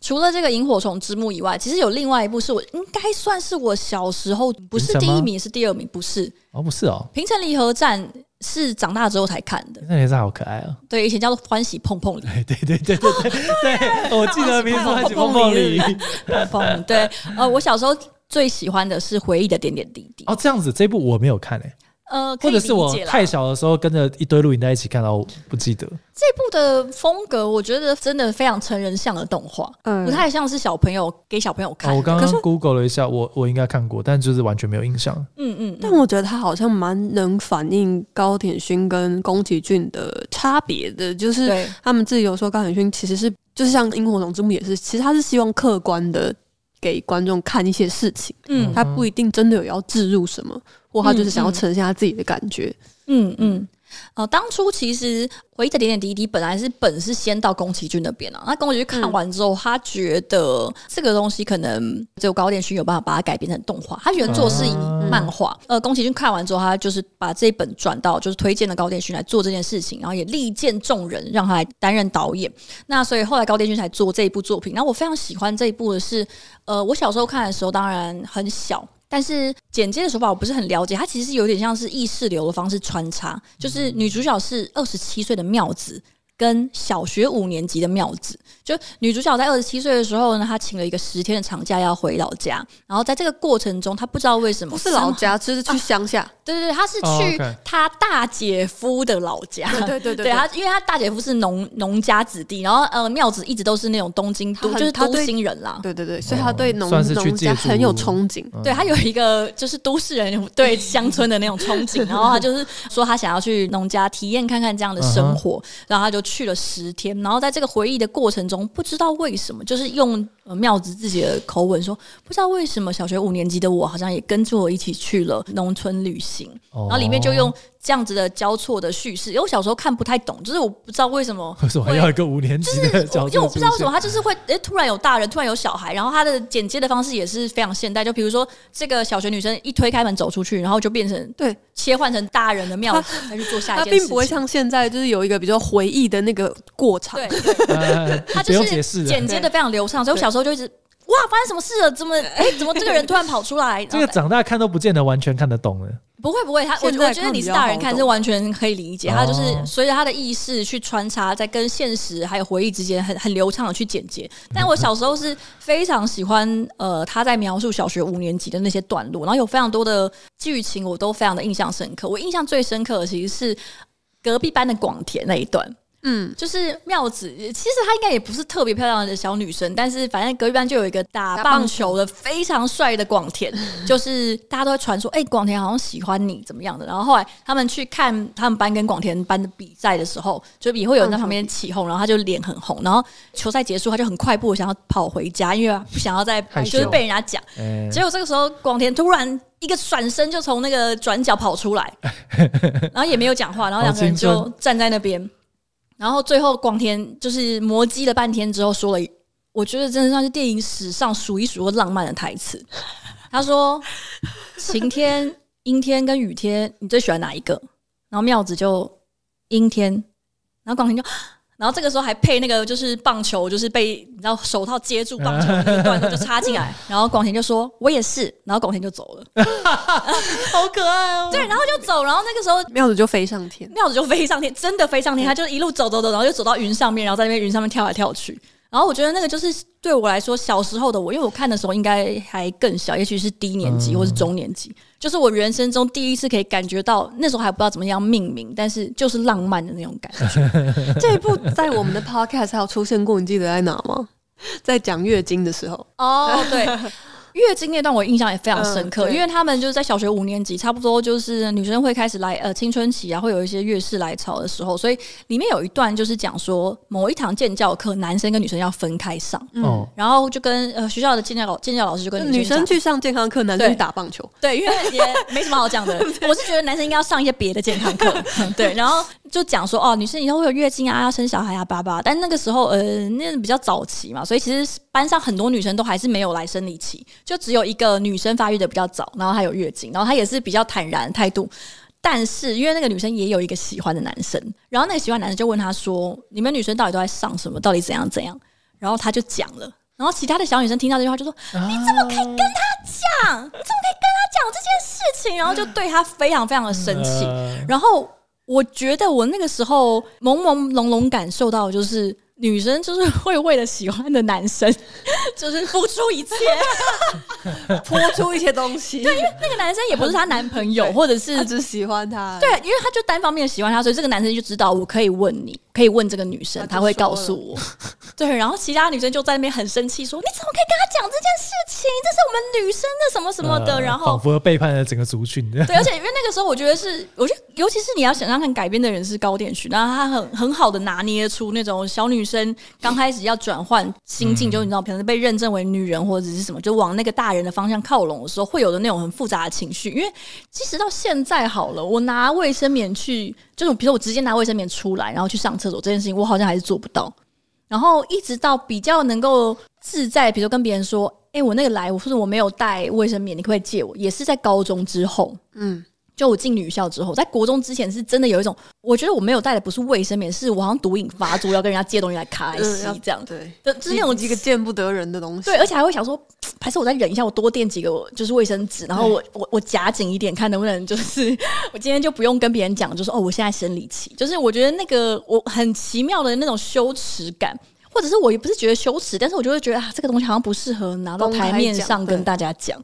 除了這個《螢火蟲之墓》以外，其實有另外一部是我應該算是我小時候不是第一名，是第二名，不是哦，不是哦，《平成離合戰》是長大之後才看的，《離合戰》好可愛哦，對，以前叫做《歡喜碰碰》。哎，對對對對對、哦對，對，對，啊對，啊、對，我記得名字《歡、啊、喜、啊、碰碰》碰。是是碰碰對， 呃，我小時候。最喜歡的是回憶的點點滴滴哦，這樣子，這一部我沒有看誒、欸，呃可以，或者是我太小的時候跟着一堆錄影在一起看，到。不記得這部的風格，我覺得真的非常成人向的動畫，嗯，不太像是小朋友給小朋友看，哦。我剛剛 Google 了一下，我我應該看過，但就是完全沒有印象。嗯嗯，嗯，但我覺得它好像蠻能反映高畑勳跟宮崎駿的差別的，就是他們自己有說高畑勳其實是就是像《螢火蟲之墓》也是，其實他是希望客觀的。給觀眾看一些事情，嗯，他不一定真的有要置入什麼，或他就是想要呈現他自己的感覺，嗯嗯。嗯嗯哦、呃，當初其實回憶的點點滴滴，本來是本是先到宮崎駿那邊、啊、那宮崎駿看完之後、嗯，他覺得這個東西可能只有高畑勳有辦法把它改編成動畫。他原作做是以漫畫、啊。呃，宮崎駿看完之後，他就是把這一本轉到，就是推薦的高畑勳來做這件事情，然後也力薦眾人讓他來擔任導演。那所以後來高畑勳才做這一部作品。那我非常喜歡這一部的是，呃，我小時候看的時候當然很小。但是剪接的手法我不是很了解，它其實是有點像是意識流的方式穿插，就是女主角是二十七歲的妙子跟小學五年級的妙子。就女主角在二十七歲的時候呢，她請了一個十天的長假要回老家。然後在這個過程中，她不知道為什麼不是老家，就是去鄉下。啊。對對對，她是去她大姐夫的老家。哦 okay，對，對對對對，對她因為她大姐夫是農農家子弟，然後呃，妙子一直都是那種東京都，他就是東京人啦對。對對對，所以她對農、哦、農家很有憧憬。嗯、對她有一個就是都市人對鄉村的那種憧憬， 然後她就是說她想要去農家體驗看看這樣的生活，嗯、然後她就去了十天。然後在這個回憶的過程中。不知道為什麼，就是用。呃，妙子自己的口吻說：“不知道為什麼，小學五年級的我好像也跟着我一起去了農村旅行。哦，然後裡面就用這樣子的交錯的敘事，因為我小時候看不太懂，就是我不知道為什麼為什麼要一個五年級的，就是因為我不知道為什麼他就是會哎、欸、突然有大人，突然有小孩，然後他的剪接的方式也是非常現代。就比如說這個小學女生一推開門走出去，然後就變成對切換成大人的妙子在去做下一件事情，他他並不會像現在就是有一個比較回憶的那個過程。對，對、 呃，他就是剪接的非常流暢，所以我小時候。我就一直哇，發生什麼事了？怎麼哎、欸，怎麼這個人突然跑出來？這個長大看都不見得完全看得懂了。 不會不會，他我覺、我覺得你是大人看是完全可以理解。他就是隨着他的意識去穿插，在跟現實還有回憶之間很很流暢的去剪接，嗯。但我小時候是非常喜歡呃，他在描述小學五年級的那些段落，然後有非常多的劇情我都非常的印象深刻。我印象最深刻的其實是隔壁班的廣田那一段。嗯，就是妙子，其實她應該也不是特別漂亮的小女生，但是反正隔壁班就有一個打棒球的非常帥的廣田，就是大家都會傳說，哎、欸，廣田好像喜歡你怎麼樣的。然後後來他們去看他們班跟廣田班的比賽的時候，就也會有人在旁邊起哄，然後他就臉很紅，然後球賽結束，他就很快步想要跑回家，因為不想要再就是被人家講、嗯。結果這個時候廣田突然一個轉身就從那個轉角跑出來、嗯，然後也沒有講話，然後兩個人就站在那邊。然後最後廣田就是磨嘰了半天之後說了，我覺得真的像是電影史上數一數二浪漫的台詞。他說：“晴天、陰天跟雨天，你最喜歡哪一個？”然後妙子就陰天，然後廣田就。然後這個時候還配那個就是棒球，就是被你知道手套接住棒球的那一段，就插進來。 然後廣田就說：“ 我也是。”然後廣田就走了， 好可愛哦。對，然後就走。然後那個時候妙子就飛上天，妙子就飛上天，真的飛上天，嗯。他就一路走走走，然後就走到雲上面，然後在那邊雲上面跳來跳去。然後我覺得那個就是對我來說，小時候的我，因為我看的時候應該還更小，也許是低年級或是中年級，嗯，就是我人生中第一次可以感覺到，那時候還不知道怎麼樣命名，但是就是浪漫的那種感覺。 這一部在我們的 podcast 還有出現過，你記得在哪嗎？在講月經的時候。哦，對。 月經那段我印象也非常深刻，嗯，因為他們就是在小學五年級，差不多就是女生會開始來呃青春期啊，會有一些月事來潮的時候，所以裡面有一段就是講說某一堂健教課男生跟女生要分開上，嗯，然後就跟呃學校的健教老健教老師就跟女生，女生去上健康課，男生去打棒球，對，對因為那些沒什麼好講的， 我是覺得男生應該要上一些別的健康課， 對，然後。就講說哦，女生以後會有月經啊，啊，要生小孩啊，爸爸。但那個時候，呃，那個，比較早期嘛，所以其實班上很多女生都還是沒有來生理期，就只有一個女生發育的比較早，然後她有月經，然後她也是比較坦然的態度。但是因為那個女生也有一個喜歡的男生，然後那個喜歡的男生就問她說：“你們女生到底都在上什麼？到底怎樣怎樣？”然後她就講了。然後其他的小女生聽到這句話就說：“你怎麼可以跟她講？你怎麼可以跟他講這件事情？”然後就對她非常非常的生氣，啊。然後。我覺得我那個時候朦朦朧朧感受到，就是女生就是會為了喜歡的男生，就是付出一切，潑 出一些東西。 對，因為那個男生也不是她男朋友， 或者是只喜歡她。對，因為她就單方面的喜歡她，所以這個男生就知道我可以問你。可以問這個女生，她,她會告訴我。對，然後其他女生就在那邊很生氣，說你怎麼可以跟她講這件事情？這是我們女生的什麼什麼的。然後仿佛、呃、背叛了整個族群。對，而且因為那個時候，我覺得是，我覺得尤其是你要想想看，改編的人是高畑勳，然後他很很好的拿捏出那種小女生剛開始要轉換心境，嗯、就是你知道可能被認證為女人或者是什麼，就往那個大人的方向靠攏的時候，會有的那種很複雜的情緒。因為其實到現在好了，我拿衛生棉去，就是比如說我直接拿衛生棉出來，然後去上。廁所這件事情，我好像還是做不到。然後一直到比較能夠自在，比如說跟別人說：“哎、欸，我那個來，我說我沒有帶衛生棉，你可不可以借我。”也是在高中之後，嗯。就我進女校之後，在國中之前是真的有一種，我覺得我沒有帶的不是衛生棉，是我好像毒癮發作，要跟人家借東西來開這樣， 對，對就是那種幾個見不得人的東西。對，而且還會想說，還是我再忍一下，我多墊幾個我就是衛生紙，然後我我我夾緊一點，看能不能就是我今天就不用跟別人講，就說、是、哦，我現在生理期。就是我覺得那個我很奇妙的那種羞恥感，或者是我也不是覺得羞恥，但是我就會覺得啊，這個東西好像不適合拿到台面上跟大家講。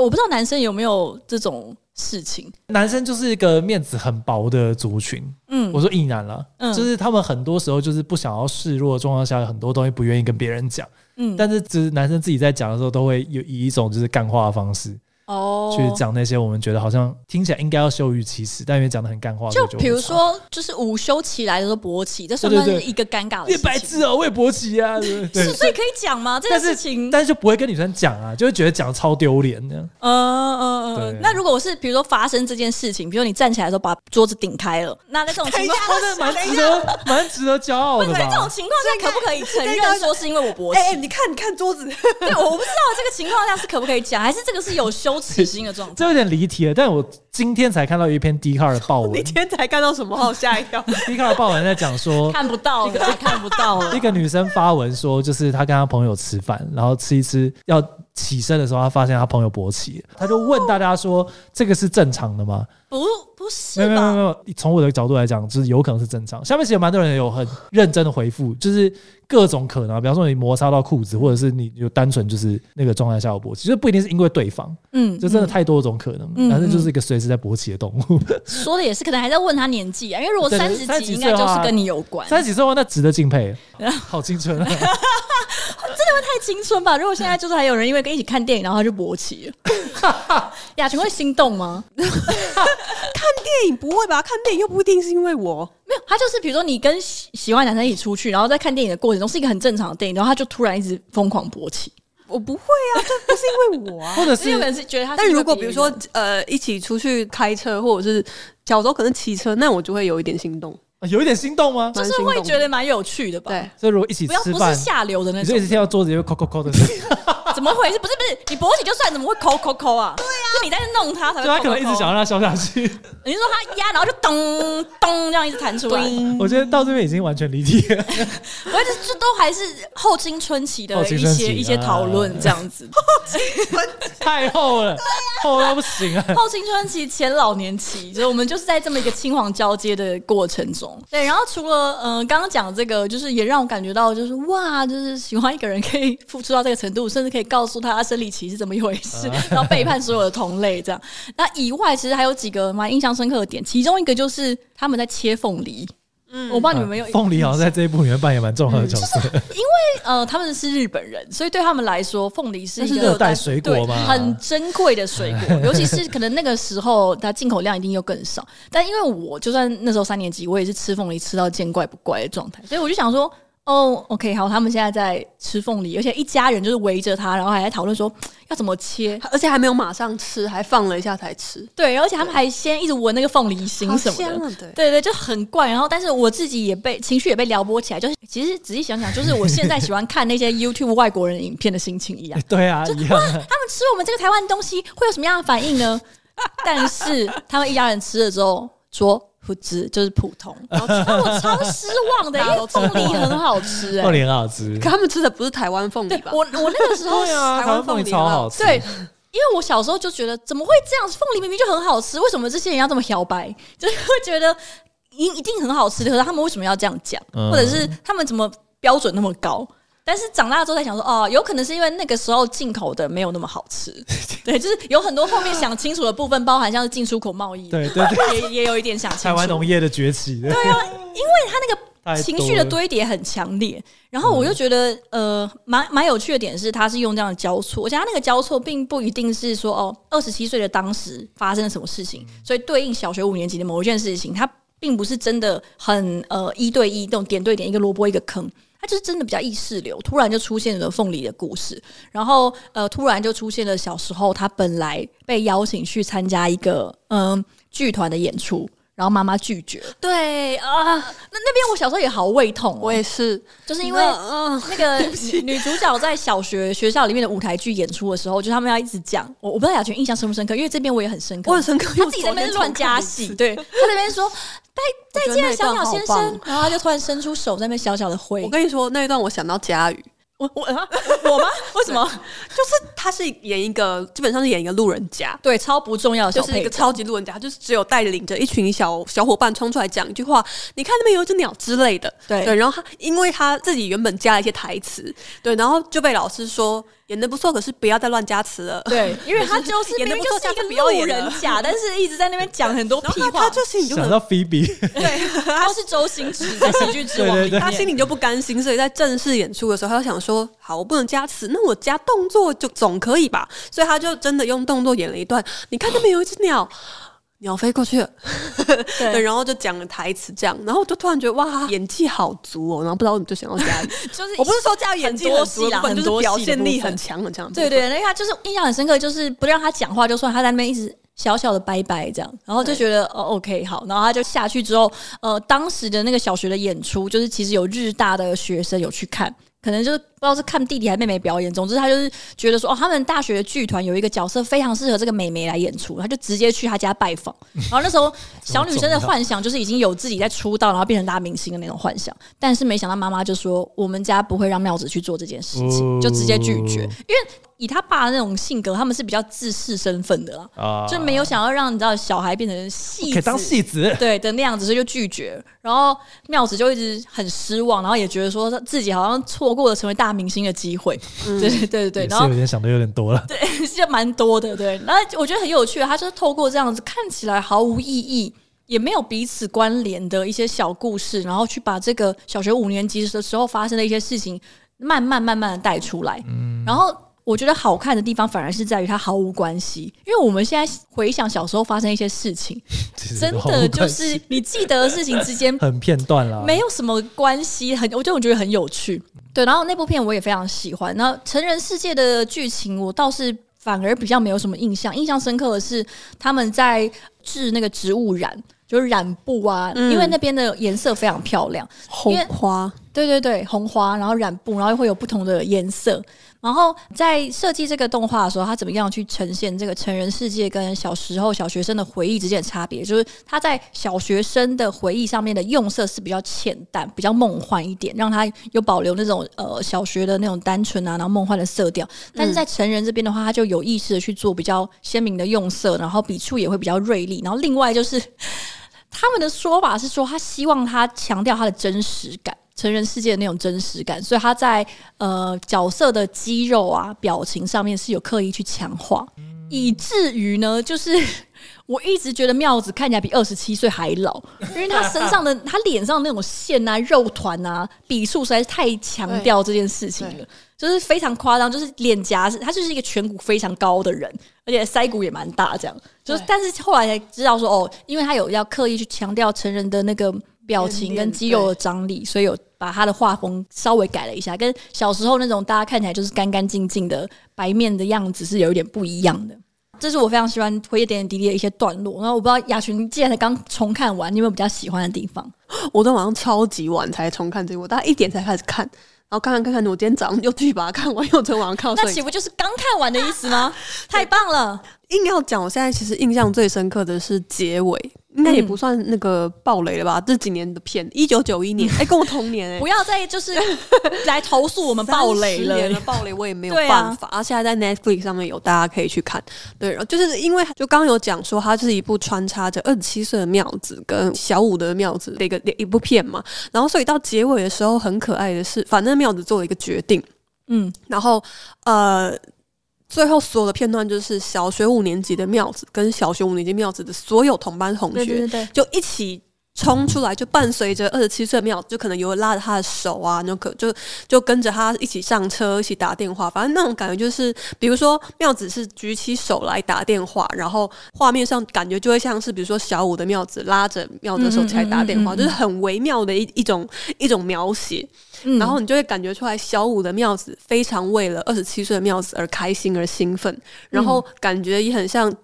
我不知道男生有沒有這種事情。男生就是一個面子很薄的族群。嗯，我說硬男啦，嗯，就是他們很多時候就是不想要示弱的狀況下，有很多東西不願意跟別人講。嗯，但是只是男生自己在講的時候，都會有以一種就是幹話的方式。哦、oh.，去講那些我們覺得好像聽起來應該要羞於啟齒，但因為講的很乾話。就比如說，就是午休起來的時候勃起，這算不算一個尷尬的事情？一百字啊、喔，我也勃起啊，對對 對是所以可以講嗎？這件事情，但是就不會跟女生講啊，就會覺得講超丟臉的。嗯嗯嗯、啊。那如果我是比如說發生這件事情，比如說你站起來的時候把桌子頂開了，那那這種情況下，蠻值得蠻值得驕傲的。在這種情況下，下，下不下可不可以承認說是因為我勃起？欸欸、你看，你看，看桌子。 對，我不知道這個情況下是可不可以講，還是這個是有羞。羞恥心的狀態，這有點離題了。但我今天才看到一篇 Dcard 的報文， 你今天才看到什麼，好嚇一跳。 Dcard 的報文在講說， 看不到了， 一個看不到了。一個女生發文說，就是她跟她朋友吃飯，然後吃一吃，要起身的時候，她發現她朋友勃起，她就問大家說，這個是正常的嗎？哦、不，不是，沒有，沒有。從我的角度來講，就是有可能是正常。下面其實蠻多人有很認真的回復， 就是。各種可能，比方說你摩擦到褲子，或者是你就單純就是那個狀態下有勃起。就不一定是因為對方，嗯，嗯，就真的太多種可能，嗯，反正就是一個隨時、嗯嗯、時在勃起的動物。說的也是，可能還在問他年紀啊，因為如果三十幾，應該就是跟你有關。三十幾歲的話，那值得敬佩，好，好青春啊， 真的會太青春吧？如果現在就是還有人因為跟一起看電影，然後他就勃起了，雅 群會心動嗎？ 看。電影不會吧？看電影又不一定是因為我。沒有，他就是比如說你跟喜、喜歡男生一起出去，然後在看電影的過程中是一個很正常的電影，然後他就突然一直瘋狂勃起，我不會啊，這不是因為我啊， 或者是因為有人是覺得他是。但如果比如說呃一起出去開車，或者是小時候可能騎車，那我就會有一點心動，有一點心動嗎？就是會覺得蠻有趣的吧。的對，所以如果一起不要不是下流的那種，所以跳到桌子也會摳摳摳的聲怎麼回事？不是不是，你勃起就算怎麼會摳摳摳啊？對呀、啊，是你在弄他才會叩叩叩叩。對，他可能一直想讓他消下去。你是說他壓，然後就咚咚這樣一直彈出來？我覺得到這邊已經完全離題了。 我一直這都還是後青春期的一些一些討論，這樣子、啊、後青春期 太厚了，對呀，厚到不行啊！後青春期前老年期，就是我們就是在這麼一個青黃交接的過程中。對，然後除了嗯，剛剛講的這個，就是也讓我感覺到，就是哇，就是喜歡一個人可以付出到這個程度，甚至可以。告訴他，他生理期是怎麼一回事，然後背叛所有的同類，這樣。那以外，其實還有幾個蠻印象深刻的點，其中一個就是他們在切鳳梨。嗯，我不知道你們有沒有鳳梨，好像在這一部裡面扮演蠻重要的角色。因為呃，他們是日本人，所以對他們來說，鳳梨是一個熱帶水果嘛，很珍貴的水果，尤其是可能那個時候它進口量一定又更少。但因為我就算那時候三年級，我也是吃鳳梨吃到見怪不怪的狀態，所以我就想說。哦、oh，OK，好，他們現在在吃鳳梨，而且一家人就是圍着他，然後還在討論說要怎麼切，而且還沒有馬上吃，還放了一下才吃。對，而且他們還先一直聞那個鳳梨心什麼的，了，對，對，對對，就很怪。然後，但是我自己也被情緒也被撩撥起來，就是其實仔細想想，就是我現在喜歡看那些 YouTube 外國人影片的心情一樣。 欸、對啊，就一樣、啊。他們吃我們這個台灣東西會有什麼樣的反應呢？ 但是他們一家人吃了之後說。不知就是普通，然後我超失望的，欸。因為鳳梨、欸、梨很好吃，鳳梨很好吃。可他們吃的不是台灣鳳梨吧？對，我我那個時候、 啊、台灣鳳梨，梨超好吃。對，因為我小時候就覺得怎麼會這樣？鳳梨明明就很好吃，為什麼這些人要這麼小白？就是會覺得一一定很好吃的，可是他們為什麼要這樣講，嗯？或者是他們怎麼標準那麼高？但是長大了之後才想說，哦，有可能是因為那個時候進口的沒有那麼好吃， 對，就是有很多後面想清楚的部分，包含像是進出口貿易，對對，對， 也也有一點想清楚。台灣農業的崛起，對啊、哦，因為他那個情緒的堆疊很強烈，然後我就覺得，呃，蠻蠻有趣的點是，他是用這樣的交錯，我覺得他那個交錯並不一定是說，哦，二十七歲的當時發生了什麼事情，所以對應小學五年級的某一件事情，它並不是真的很呃一對一，那種點對點，一個蘿蔔一個坑。他就是真的比較意識流，突然就出現了鳳梨的故事，然後呃，突然就出現了小時候他本來被邀請去參加一個嗯劇團的演出，然後媽媽拒絕。對啊，那那邊我小時候也好胃痛。喔，我也是，就是因為那個那、啊那個、女主角在小學學校裡面的舞台劇演出的時候，就他們要一直講，我我不知道雅群印象深不深刻，因為這邊我也很深刻，我很深刻，他自己在那邊亂加戲，對他那邊說。 再再見，小鳥先生。然後他就突然伸出手，在那邊小小的揮。我跟你說，那一段我想到家瑜。我我我嗎？ 為什麼？就是他是演一個，基本上是演一個路人甲，對，超不重要的小，就是一個超級路人甲，就是只有帶領着一群小小伙伴衝出來講一句話，你看那邊有一隻鳥之類的。對，對，然後他因為他自己原本加了一些台詞，對，然後就被老師說。演的不錯，可是不要再亂加詞了。對，因為他就是演的不錯，像 一個路人甲， 但是一直在那邊講很多屁話。然後他就心裡就想到菲比， 對，他是周星馳的喜劇之王， 對對對對他心裡就不甘心，所以在正式演出的時候，他就想說：好，我不能加詞，那我加動作就總可以吧？所以他就真的用動作演了一段。你看那邊有一只鳥。 鳥飛過去了， 對，對，然後就講了台詞這樣，然後就突然覺得哇，演技好足哦，喔，然後不知道你們就想要加， 就是我不是說這樣演技多，是很、很就是表現力很強的這樣。對對，那他就是印象很深刻，就是不讓他講話就說，他在那邊一直小小的拜拜這樣，然後就覺得哦，OK，好，然後他就下去之後，呃，當時的那個小學的演出，就是其實有日大的學生有去看。可能就是不知道是看弟弟還是妹妹表演，總之他就是覺得說哦，他們大學的劇團有一個角色非常適合這個妹妹來演出，他就直接去他家拜訪。然後那時候小女生的幻想就是已經有自己在出道，然後變成大明星的那種幻想，但是沒想到媽媽就說我們家不會讓妙子去做這件事情，就直接拒絕，因為。以他爸的那種性格，他們是比較自恃身份的了、啊，就沒有想要讓你知道小孩變成戲子當戲子對的那樣子，所以就拒絕。然後妙子就一直很失望，然後也覺得說自己好像錯過了成為大明星的機會。對、嗯、對對對對，然後有點想的有點多了，對，其實蠻多的。對，然後我覺得很有趣，他就是透過這樣子看起來毫無意義，嗯、也沒有彼此關聯的一些小故事，然後去把這個小學五年級的時候發生的一些事情，慢慢慢慢的帶出來、嗯，然後。我覺得好看的地方，反而是在於它毫無關係。因為我們現在回想小時候發生一些事情，真的就是你記得的事情之間很片段了，沒有什麼關係。很，我就我覺得很有趣。對，然後那部片我也非常喜歡。那成人世界的劇情，我倒是反而比較沒有什麼印象。印象深刻的是他們在制那個植物染，就是染布啊，嗯、因為那邊的顏色非常漂亮，紅花，因為，對對對，紅花，然後染布，然後又會有不同的顏色。然後在設計這個動畫的時候，他怎麼樣去呈現這個成人世界跟小時候小學生的回憶之間的差別？就是他在小學生的回憶上面的用色是比較淺淡，比較夢幻一點，讓他有保留那種呃小學的那種單純啊，然後夢幻的色調。但是在成人這邊的話，他就有意識的去做比較鮮明的用色，然後筆觸也會比較銳利。然後另外就是，他們的說法是說，他希望他強調他的真實感。成人世界的那種真實感，所以他在呃角色的肌肉啊、表情上面是有刻意去強化、嗯，以至於呢，就是我一直覺得妙子看起來比二十七歲還老，因為他身上的、 他臉上的那種線啊、肉團啊，筆觸實在是太強調這件事情了，就是非常誇張，就是臉頰是，他就是一個顴骨非常高的人，而且腮骨也蠻大，這樣就是，但是後來才知道說哦，因為他有要刻意去強調成人的那個。表情跟肌肉的張力連連，所以有把他的畫風稍微改了一下，跟小時候那種大家看起來就是乾乾淨淨的白面的樣子是有一點不一樣的。這是我非常喜歡回憶點點滴滴的一些段落。然後我不知道雅群，既然才剛重看完，你有沒有比較喜歡的地方？我昨天晚上超級晚才重看這個，我大概一點才開始看，然後看看看看，我今天早上又繼續把它看完，又昨天晚上看， 那豈不就是剛看完的意思嗎？啊、 太棒了！硬要講，我現在其實印象最深刻的是結尾，應、嗯、該也不算那個暴雷了吧？這幾年的片，一九九一年，哎、嗯欸，跟我同年哎、欸， 不要再就是來投訴我們暴雷了。三十年的暴雷我也沒有辦法，而且、啊、在，在 Netflix 上面有大家可以去看。對，然後就是因為就剛，剛有講說，它就是一部穿插着二十七歲的妙子跟小五的妙子的一、那個一部片嘛。然後所以到結尾的時候，很可愛的是，反正妙子做了一個決定，嗯，然後呃。最後所有的片段就是小學五年級的妙子跟小學五年級妙子的所有同班同學，就一起。衝出來就伴隨着二十七歲的妙子，就可能有拉着他的手啊，那就可就就跟着他一起上車，一起打電話，反正那種感覺就是，比如說妙子是舉起手來打電話，然後畫面上感覺就會像是，比如說小五的妙子拉着妙子的手起來打電話，嗯嗯嗯嗯就是很微妙的一一種一種描寫，嗯、然後你就會感覺出來，小五的妙子非常為了二十七歲的妙子而開心而興奮，然後感覺也很像。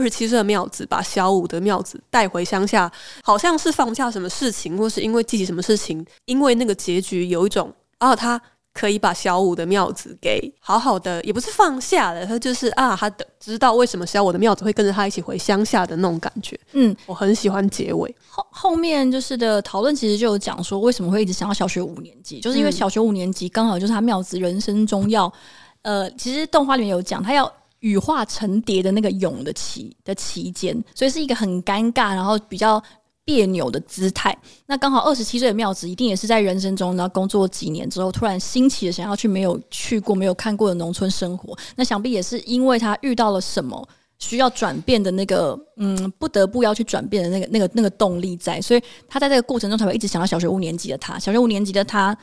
二十七歲的妙子把小五的妙子帶回鄉下，好像是放不下什麼事情，或是因為自己什麼事情。因為那個結局有一種啊，他可以把小五的妙子給好好的，也不是放下了，他就是啊，他的知道為什麼小五的妙子會跟着他一起回鄉下的那種感覺。嗯，我很喜歡結尾後後面就是的討論，其實就有講說為什麼會一直想要小學五年級，就是因為小學五年級剛好就是他妙子人生中要、嗯、呃，其實動畫裡面有講他要。羽化成蝶的那個蛹的期的期間，所以是一個很尷尬，然後比較彆扭的姿態。那剛好二十七歲的妙子一定也是在人生中，然後工作幾年之後，突然興起的想要去沒有去過、沒有看過的農村生活。那想必也是因為他遇到了什麼需要轉變的那個，嗯，不得不要去轉變的那個、那個、那個動力在，所以他在這個過程中才會一直想到小學五年級的他。小學五年級的他，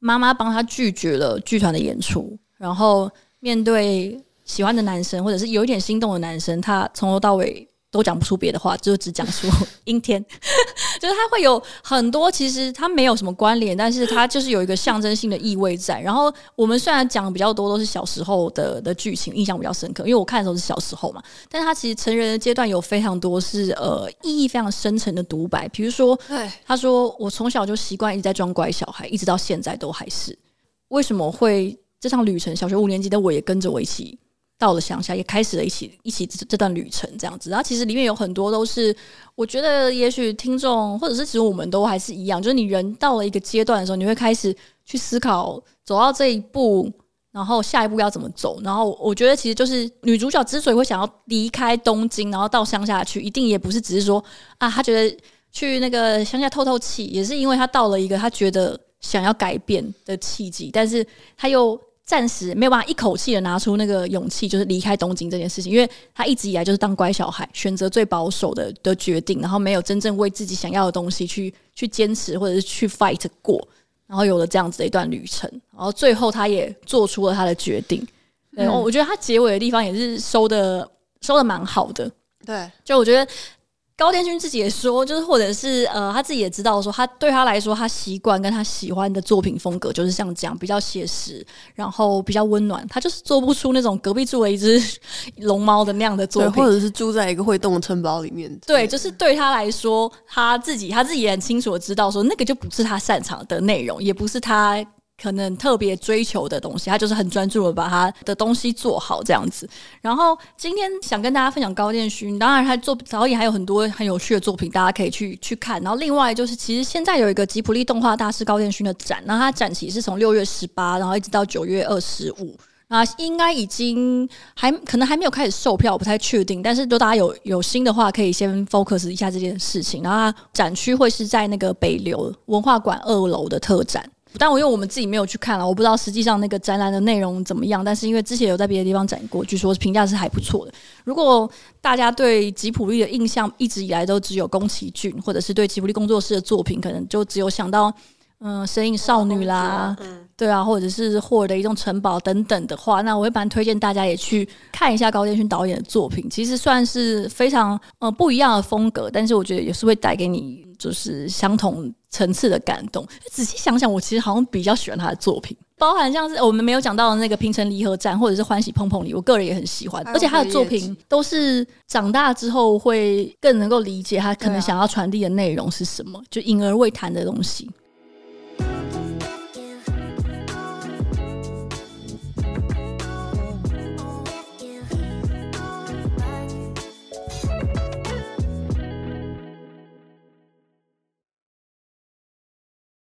媽媽幫他拒絕了劇團的演出，然後面對。喜歡的男生，或者是有一點心動的男生，他從頭到尾都講不出別的話，就只講出陰天， 就是他會有很多其實他沒有什麼關聯，但是他就是有一個象徵性的意味在。然後我們雖然講的比較多都是小時候的的劇情，印象比較深刻，因為我看的時候是小時候嘛，但是他其實成人的階段有非常多是呃意義非常深層的獨白，比如說他說，我從小就習慣一直在裝乖小孩，一直到現在都還是為什麼會這場旅程？小學五年級的我也跟着我一起。到了鄉下，也開始了一起一起這段旅程，這樣子。然後其實裡面有很多都是，我覺得也許聽眾或者是其實我們都還是一樣，就是你人到了一個階段的時候，你會開始去思考走到這一步，然後下一步要怎麼走。然後我覺得其實就是女主角之所以會想要離開東京，然後到鄉下去，一定也不是只是說啊，她覺得去那個鄉下透透氣，也是因為她到了一個她覺得想要改變的契機，但是她又。暫時沒有辦法一口氣的拿出那個勇氣，就是離開東京這件事情，因為他一直以來就是當乖小孩，選擇最保守的的決定，然後沒有真正為自己想要的東西去去堅持，或者是去 fight 過，然後有了這樣子的一段旅程，然後最後他也做出了他的決定。然後、嗯、我覺得他結尾的地方也是收的收的蠻好的，對，就我覺得。高畑勳自己也說，就是或者是呃，他自己也知道說，他對他來說，他習慣跟他喜歡的作品風格就是像這樣，比較寫實，然後比較溫暖。他就是做不出那種隔壁住了一隻龍貓的那樣的作品。對，或者是住在一個會動的城堡裡面。對，就是對他來說，他自己他自己也很清楚的知道說，那個就不是他擅長的內容，也不是他。可能特別追求的東西，他就是很專注的把他的東西做好這樣子。然後今天想跟大家分享高畑勳，當然他做導演還有很多很有趣的作品，大家可以去去看。然後另外就是，其實現在有一個吉卜力動畫大師高畑勳的展，然後他展期是從六月十八，然後一直到九月二十五啊，應該已經還可能還沒有開始售票，我不太確定。但是如果大家有有心的話，可以先 focus 一下這件事情。然後他展區會是在那個北流文化館二樓的特展。但我因為我們自己沒有去看了，我不知道實際上那個展覽的內容怎麼樣。但是因為之前有在別的地方展過，據說評價是還不錯的。如果大家對吉卜力的印象一直以來都只有宮崎駿，或者是對吉卜力工作室的作品，可能就只有想到嗯《神、呃、隱少女啦》啦、哦嗯嗯，對啊，或者是《霍爾的移動城堡》等等的話，那我一般推薦大家也去看一下高畑勳導演的作品。其實算是非常嗯、呃、不一樣的風格，但是我覺得也是會帶給你。就是相同層次的感動。仔細想想，我其實好像比較喜歡他的作品，包含像是我們沒有講到的那個《平成狸合戰》，或者是《歡喜碰碰狸》，我個人也很喜歡。而且他的作品都是長大之後會更能夠理解他可能想要傳遞的內容是什麼，啊、就隱而未談的東西。